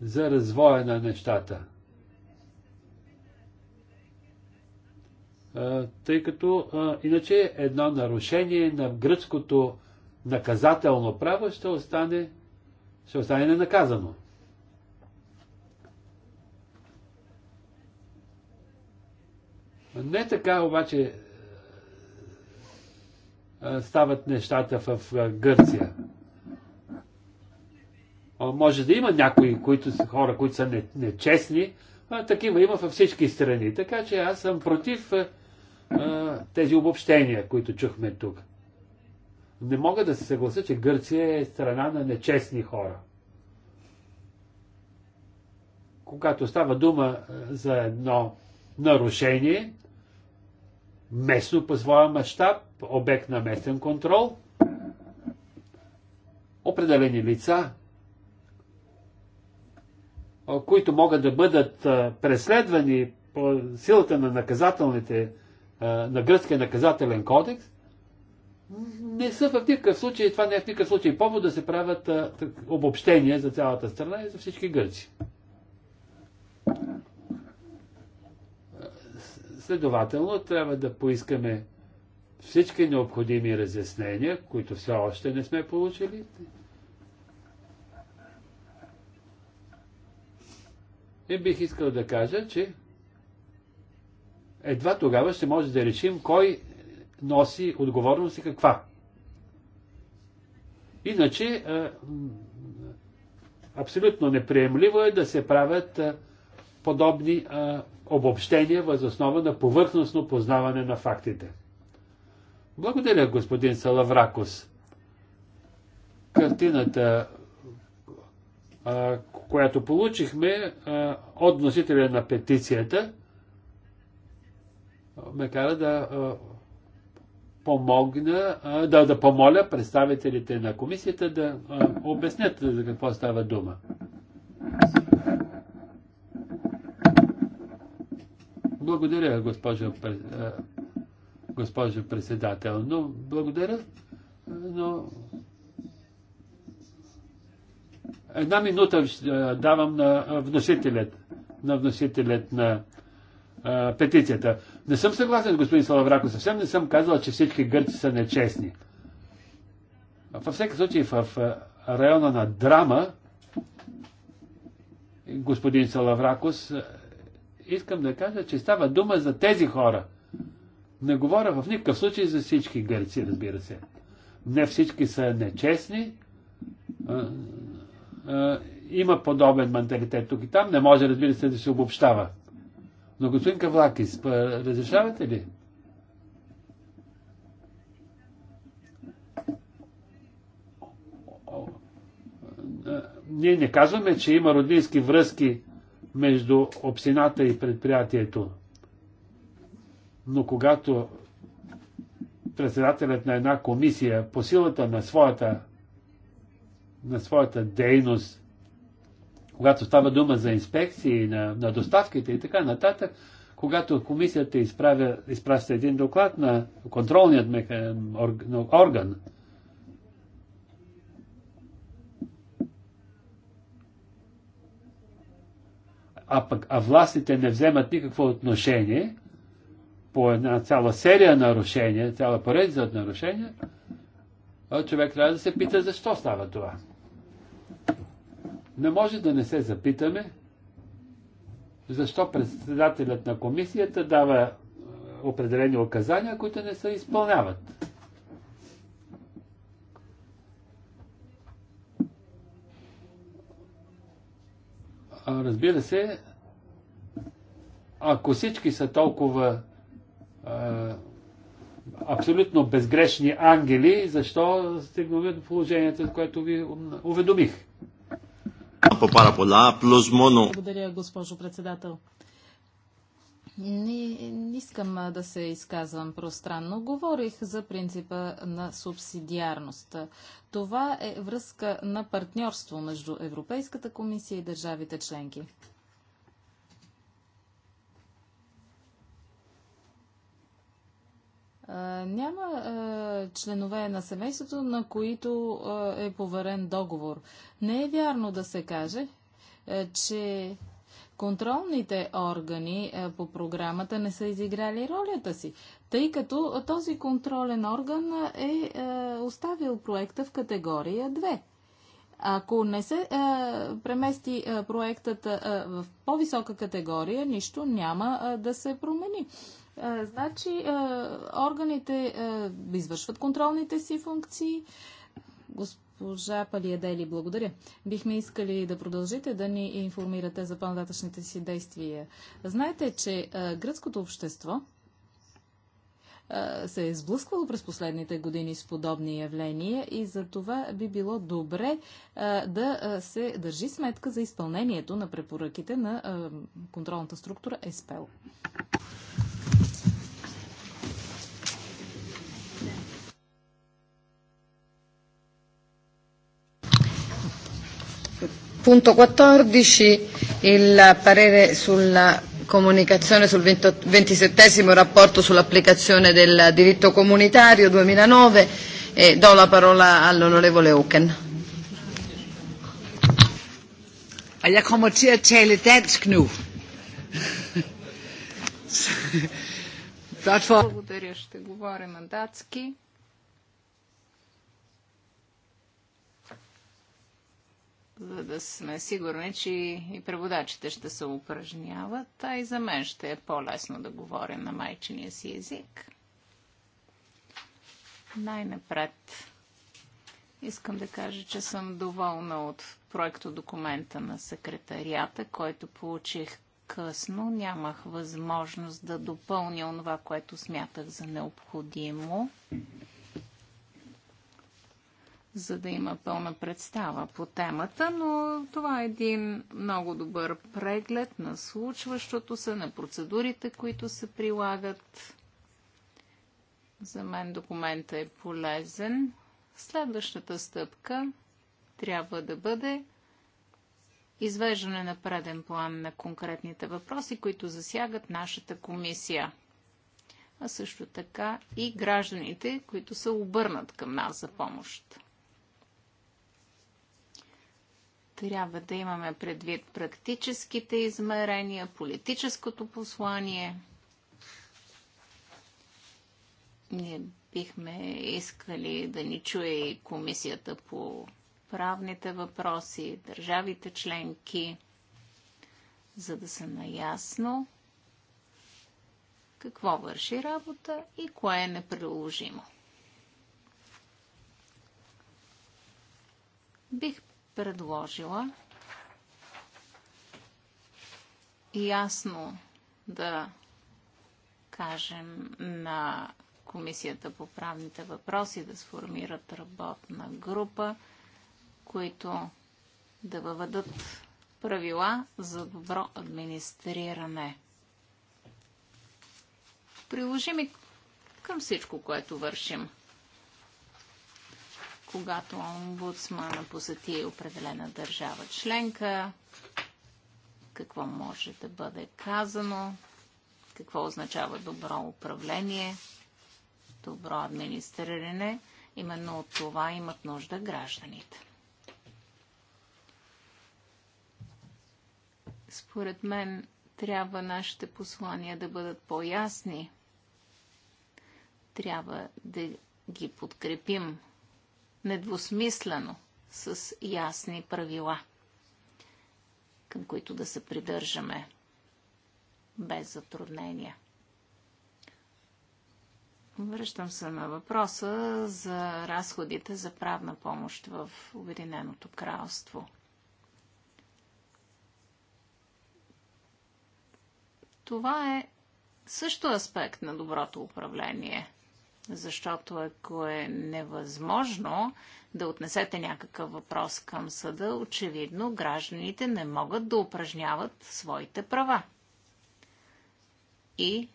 за развоя на нещата. Тъй като иначе едно нарушение на гръцкото наказателно право ще остане, ще остане ненаказано. Не така обаче стават нещата в Гърция. Може да има някои които са хора, които са нечестни, а такива има във всички страни. Така че аз съм против а, тези обобщения, които чухме тук. Не мога да се съглася, че Гърция е страна на нечестни хора. Когато става дума за едно нарушение, местно по своя мащаб, обект на местен контрол, определени лица които могат да бъдат преследвани по силата на наказателните, на гръцкия наказателен кодекс, не са в никакъв случай, това не е в никакъв случай повод да се правят обобщения за цялата страна и за всички гърци. Следователно, трябва да поискаме всички необходими разяснения, които все още не сме получили, И бих искал да кажа, че едва тогава ще може да решим кой носи отговорност и каква. Иначе абсолютно неприемливо е да се правят подобни обобщения въз основа на повърхностно познаване на фактите. Благодаря, господин Салавракос. Картината която получихме от носителя на петицията, ме кара да помогна, да, да помоля представителите на комисията да обяснят за какво става дума. Благодаря, госпожо, госпожо председател. Но благодаря, но Една минута давам на вносителят, на вносителят на а, петицията. Не съм съгласен с господин Салаврако. Съвсем не съм казал, че всички гърци са нечестни. Във всеки случай в района на драма, господин Салавракос, искам да кажа, че става дума за тези хора. Не говоря в никакъв случай за всички гърци, разбира се. Не всички са нечестни, е, има подобен менталитет тук и там. Не може, разбира се, да се обобщава. Но господин Кавлакис, разрешавате ли? Ние не казваме, че има роднински връзки между общината и предприятието. Но когато председателят на една комисия по силата на своята на своята дейност, когато става дума за инспекции на, на доставките и така нататък, когато комисията изправя, изпраща един доклад на контролният меха, орган, а пък а властите не вземат никакво отношение по една цяла серия нарушения, цяла поредица от нарушения, човек трябва да се пита защо става това не може да не се запитаме защо председателят на комисията дава е, определени указания, които не се изпълняват. А разбира се, ако всички са толкова а, е, абсолютно безгрешни ангели, защо стигнаме до положението, което ви уведомих? από πάρα πολλά, απλώς μόνο... Благодаря, госпожо председател. Не, не искам да се изказвам пространно. Говорих за принципа на субсидиарност. Това е връзка на партньорство между Европейската комисия и държавите членки. няма членове на семейството, на които е, е поверен договор. Не е вярно да се каже, е, че контролните органи е, по програмата не са изиграли ролята си, тъй като този контролен орган е, е оставил проекта в категория 2. Ако не се е, премести е, проектът е, в по-висока категория, нищо няма е, да се промени. Значи, органите извършват контролните си функции. Госпожа Палиедели, благодаря. Бихме искали да продължите да ни информирате за по-нататъчните си действия. Знаете, че гръцкото общество се е сблъсквало през последните години с подобни явления и за това би било добре да се държи сметка за изпълнението на препоръките на контролната структура ЕСПЕЛ. Punto 14, il parere sulla comunicazione sul 27 rapporto sull'applicazione del diritto comunitario 2009 e do la parola all'onorevole Oken. Og jeg kommer til at tale dansk nu. Blot for... за да сме сигурни, че и преводачите ще се упражняват, а и за мен ще е по-лесно да говоря на майчиния си език. Най-напред искам да кажа, че съм доволна от проекто документа на секретарията, който получих късно. Нямах възможност да допълня онова, което смятах за необходимо за да има пълна представа по темата, но това е един много добър преглед на случващото се, на процедурите, които се прилагат. За мен документа е полезен. Следващата стъпка трябва да бъде извеждане на преден план на конкретните въпроси, които засягат нашата комисия а също така и гражданите, които се обърнат към нас за помощ. Трябва да имаме предвид практическите измерения, политическото послание. Ние бихме искали да ни чуе и комисията по правните въпроси, държавите членки, за да са наясно какво върши работа и кое е неприложимо. Бих предложила ясно да кажем на Комисията по правните въпроси да сформират работна група, които да въведат правила за добро администриране. Приложими към всичко, което вършим – когато омбудсмана посети определена държава членка, какво може да бъде казано, какво означава добро управление, добро администриране. Именно от това имат нужда гражданите. Според мен трябва нашите послания да бъдат по-ясни. Трябва да ги подкрепим недвусмислено, с ясни правила, към които да се придържаме без затруднения. Връщам се на въпроса за разходите за правна помощ в Обединеното кралство. Това е също аспект на доброто управление – защото ако е невъзможно да отнесете някакъв въпрос към съда, очевидно гражданите не могат да упражняват своите права. И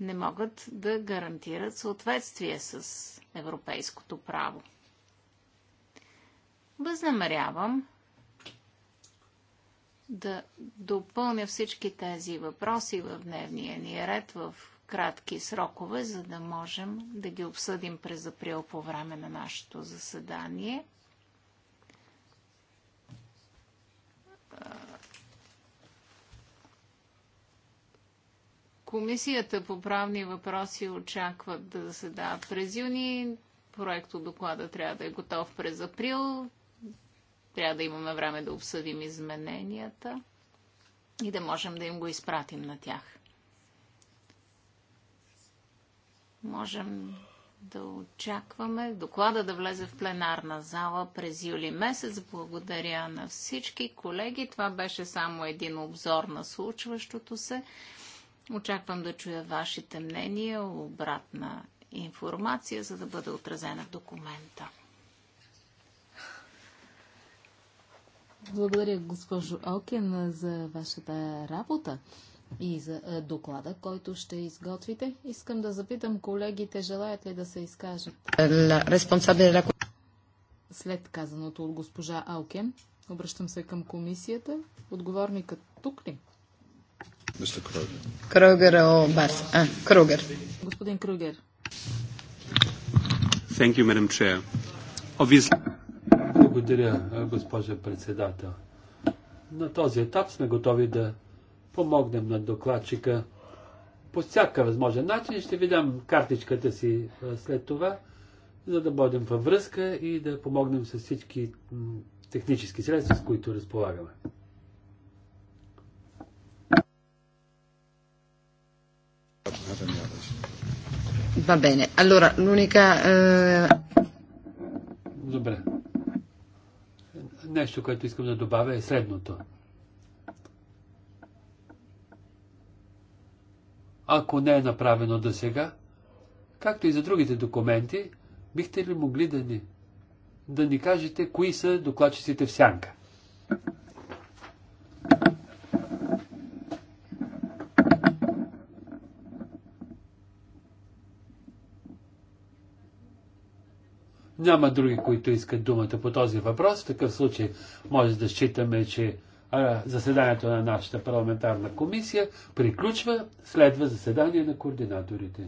не могат да гарантират съответствие с европейското право. Възнамерявам да допълня всички тези въпроси в дневния ни ред в кратки срокове, за да можем да ги обсъдим през април по време на нашето заседание. Комисията по правни въпроси очаква да заседава през юни. Проекто доклада трябва да е готов през април. Трябва да имаме време да обсъдим измененията и да можем да им го изпратим на тях. Можем да очакваме доклада да влезе в пленарна зала през юли месец. Благодаря на всички колеги. Това беше само един обзор на случващото се. Очаквам да чуя вашите мнения, обратна информация, за да бъде отразена в документа. Благодаря, госпожо Окен, за вашата работа и за доклада, който ще изготвите. Искам да запитам колегите, желаят ли да се изкажат? След казаното от госпожа Алкен, обръщам се към комисията. Отговорникът тук ли? Крогер. Барс. А, Господин Кругер. Thank you, Madam Chair. Obviously... Благодаря, госпожа председател. На този етап сме готови да помогнем на докладчика по всяка възможен начин. Ще ви дам картичката си след това, за да бъдем във връзка и да помогнем с всички технически средства, с които разполагаме. Va bene, allora l'unica... Eh... Добре нещо, което искам да добавя е следното. Ако не е направено до сега, както и за другите документи, бихте ли могли да ни, да ни кажете кои са докладчиците в сянка? Няма други, които искат думата по този въпрос. В такъв случай може да считаме, че заседанието на нашата парламентарна комисия приключва, следва заседание на координаторите.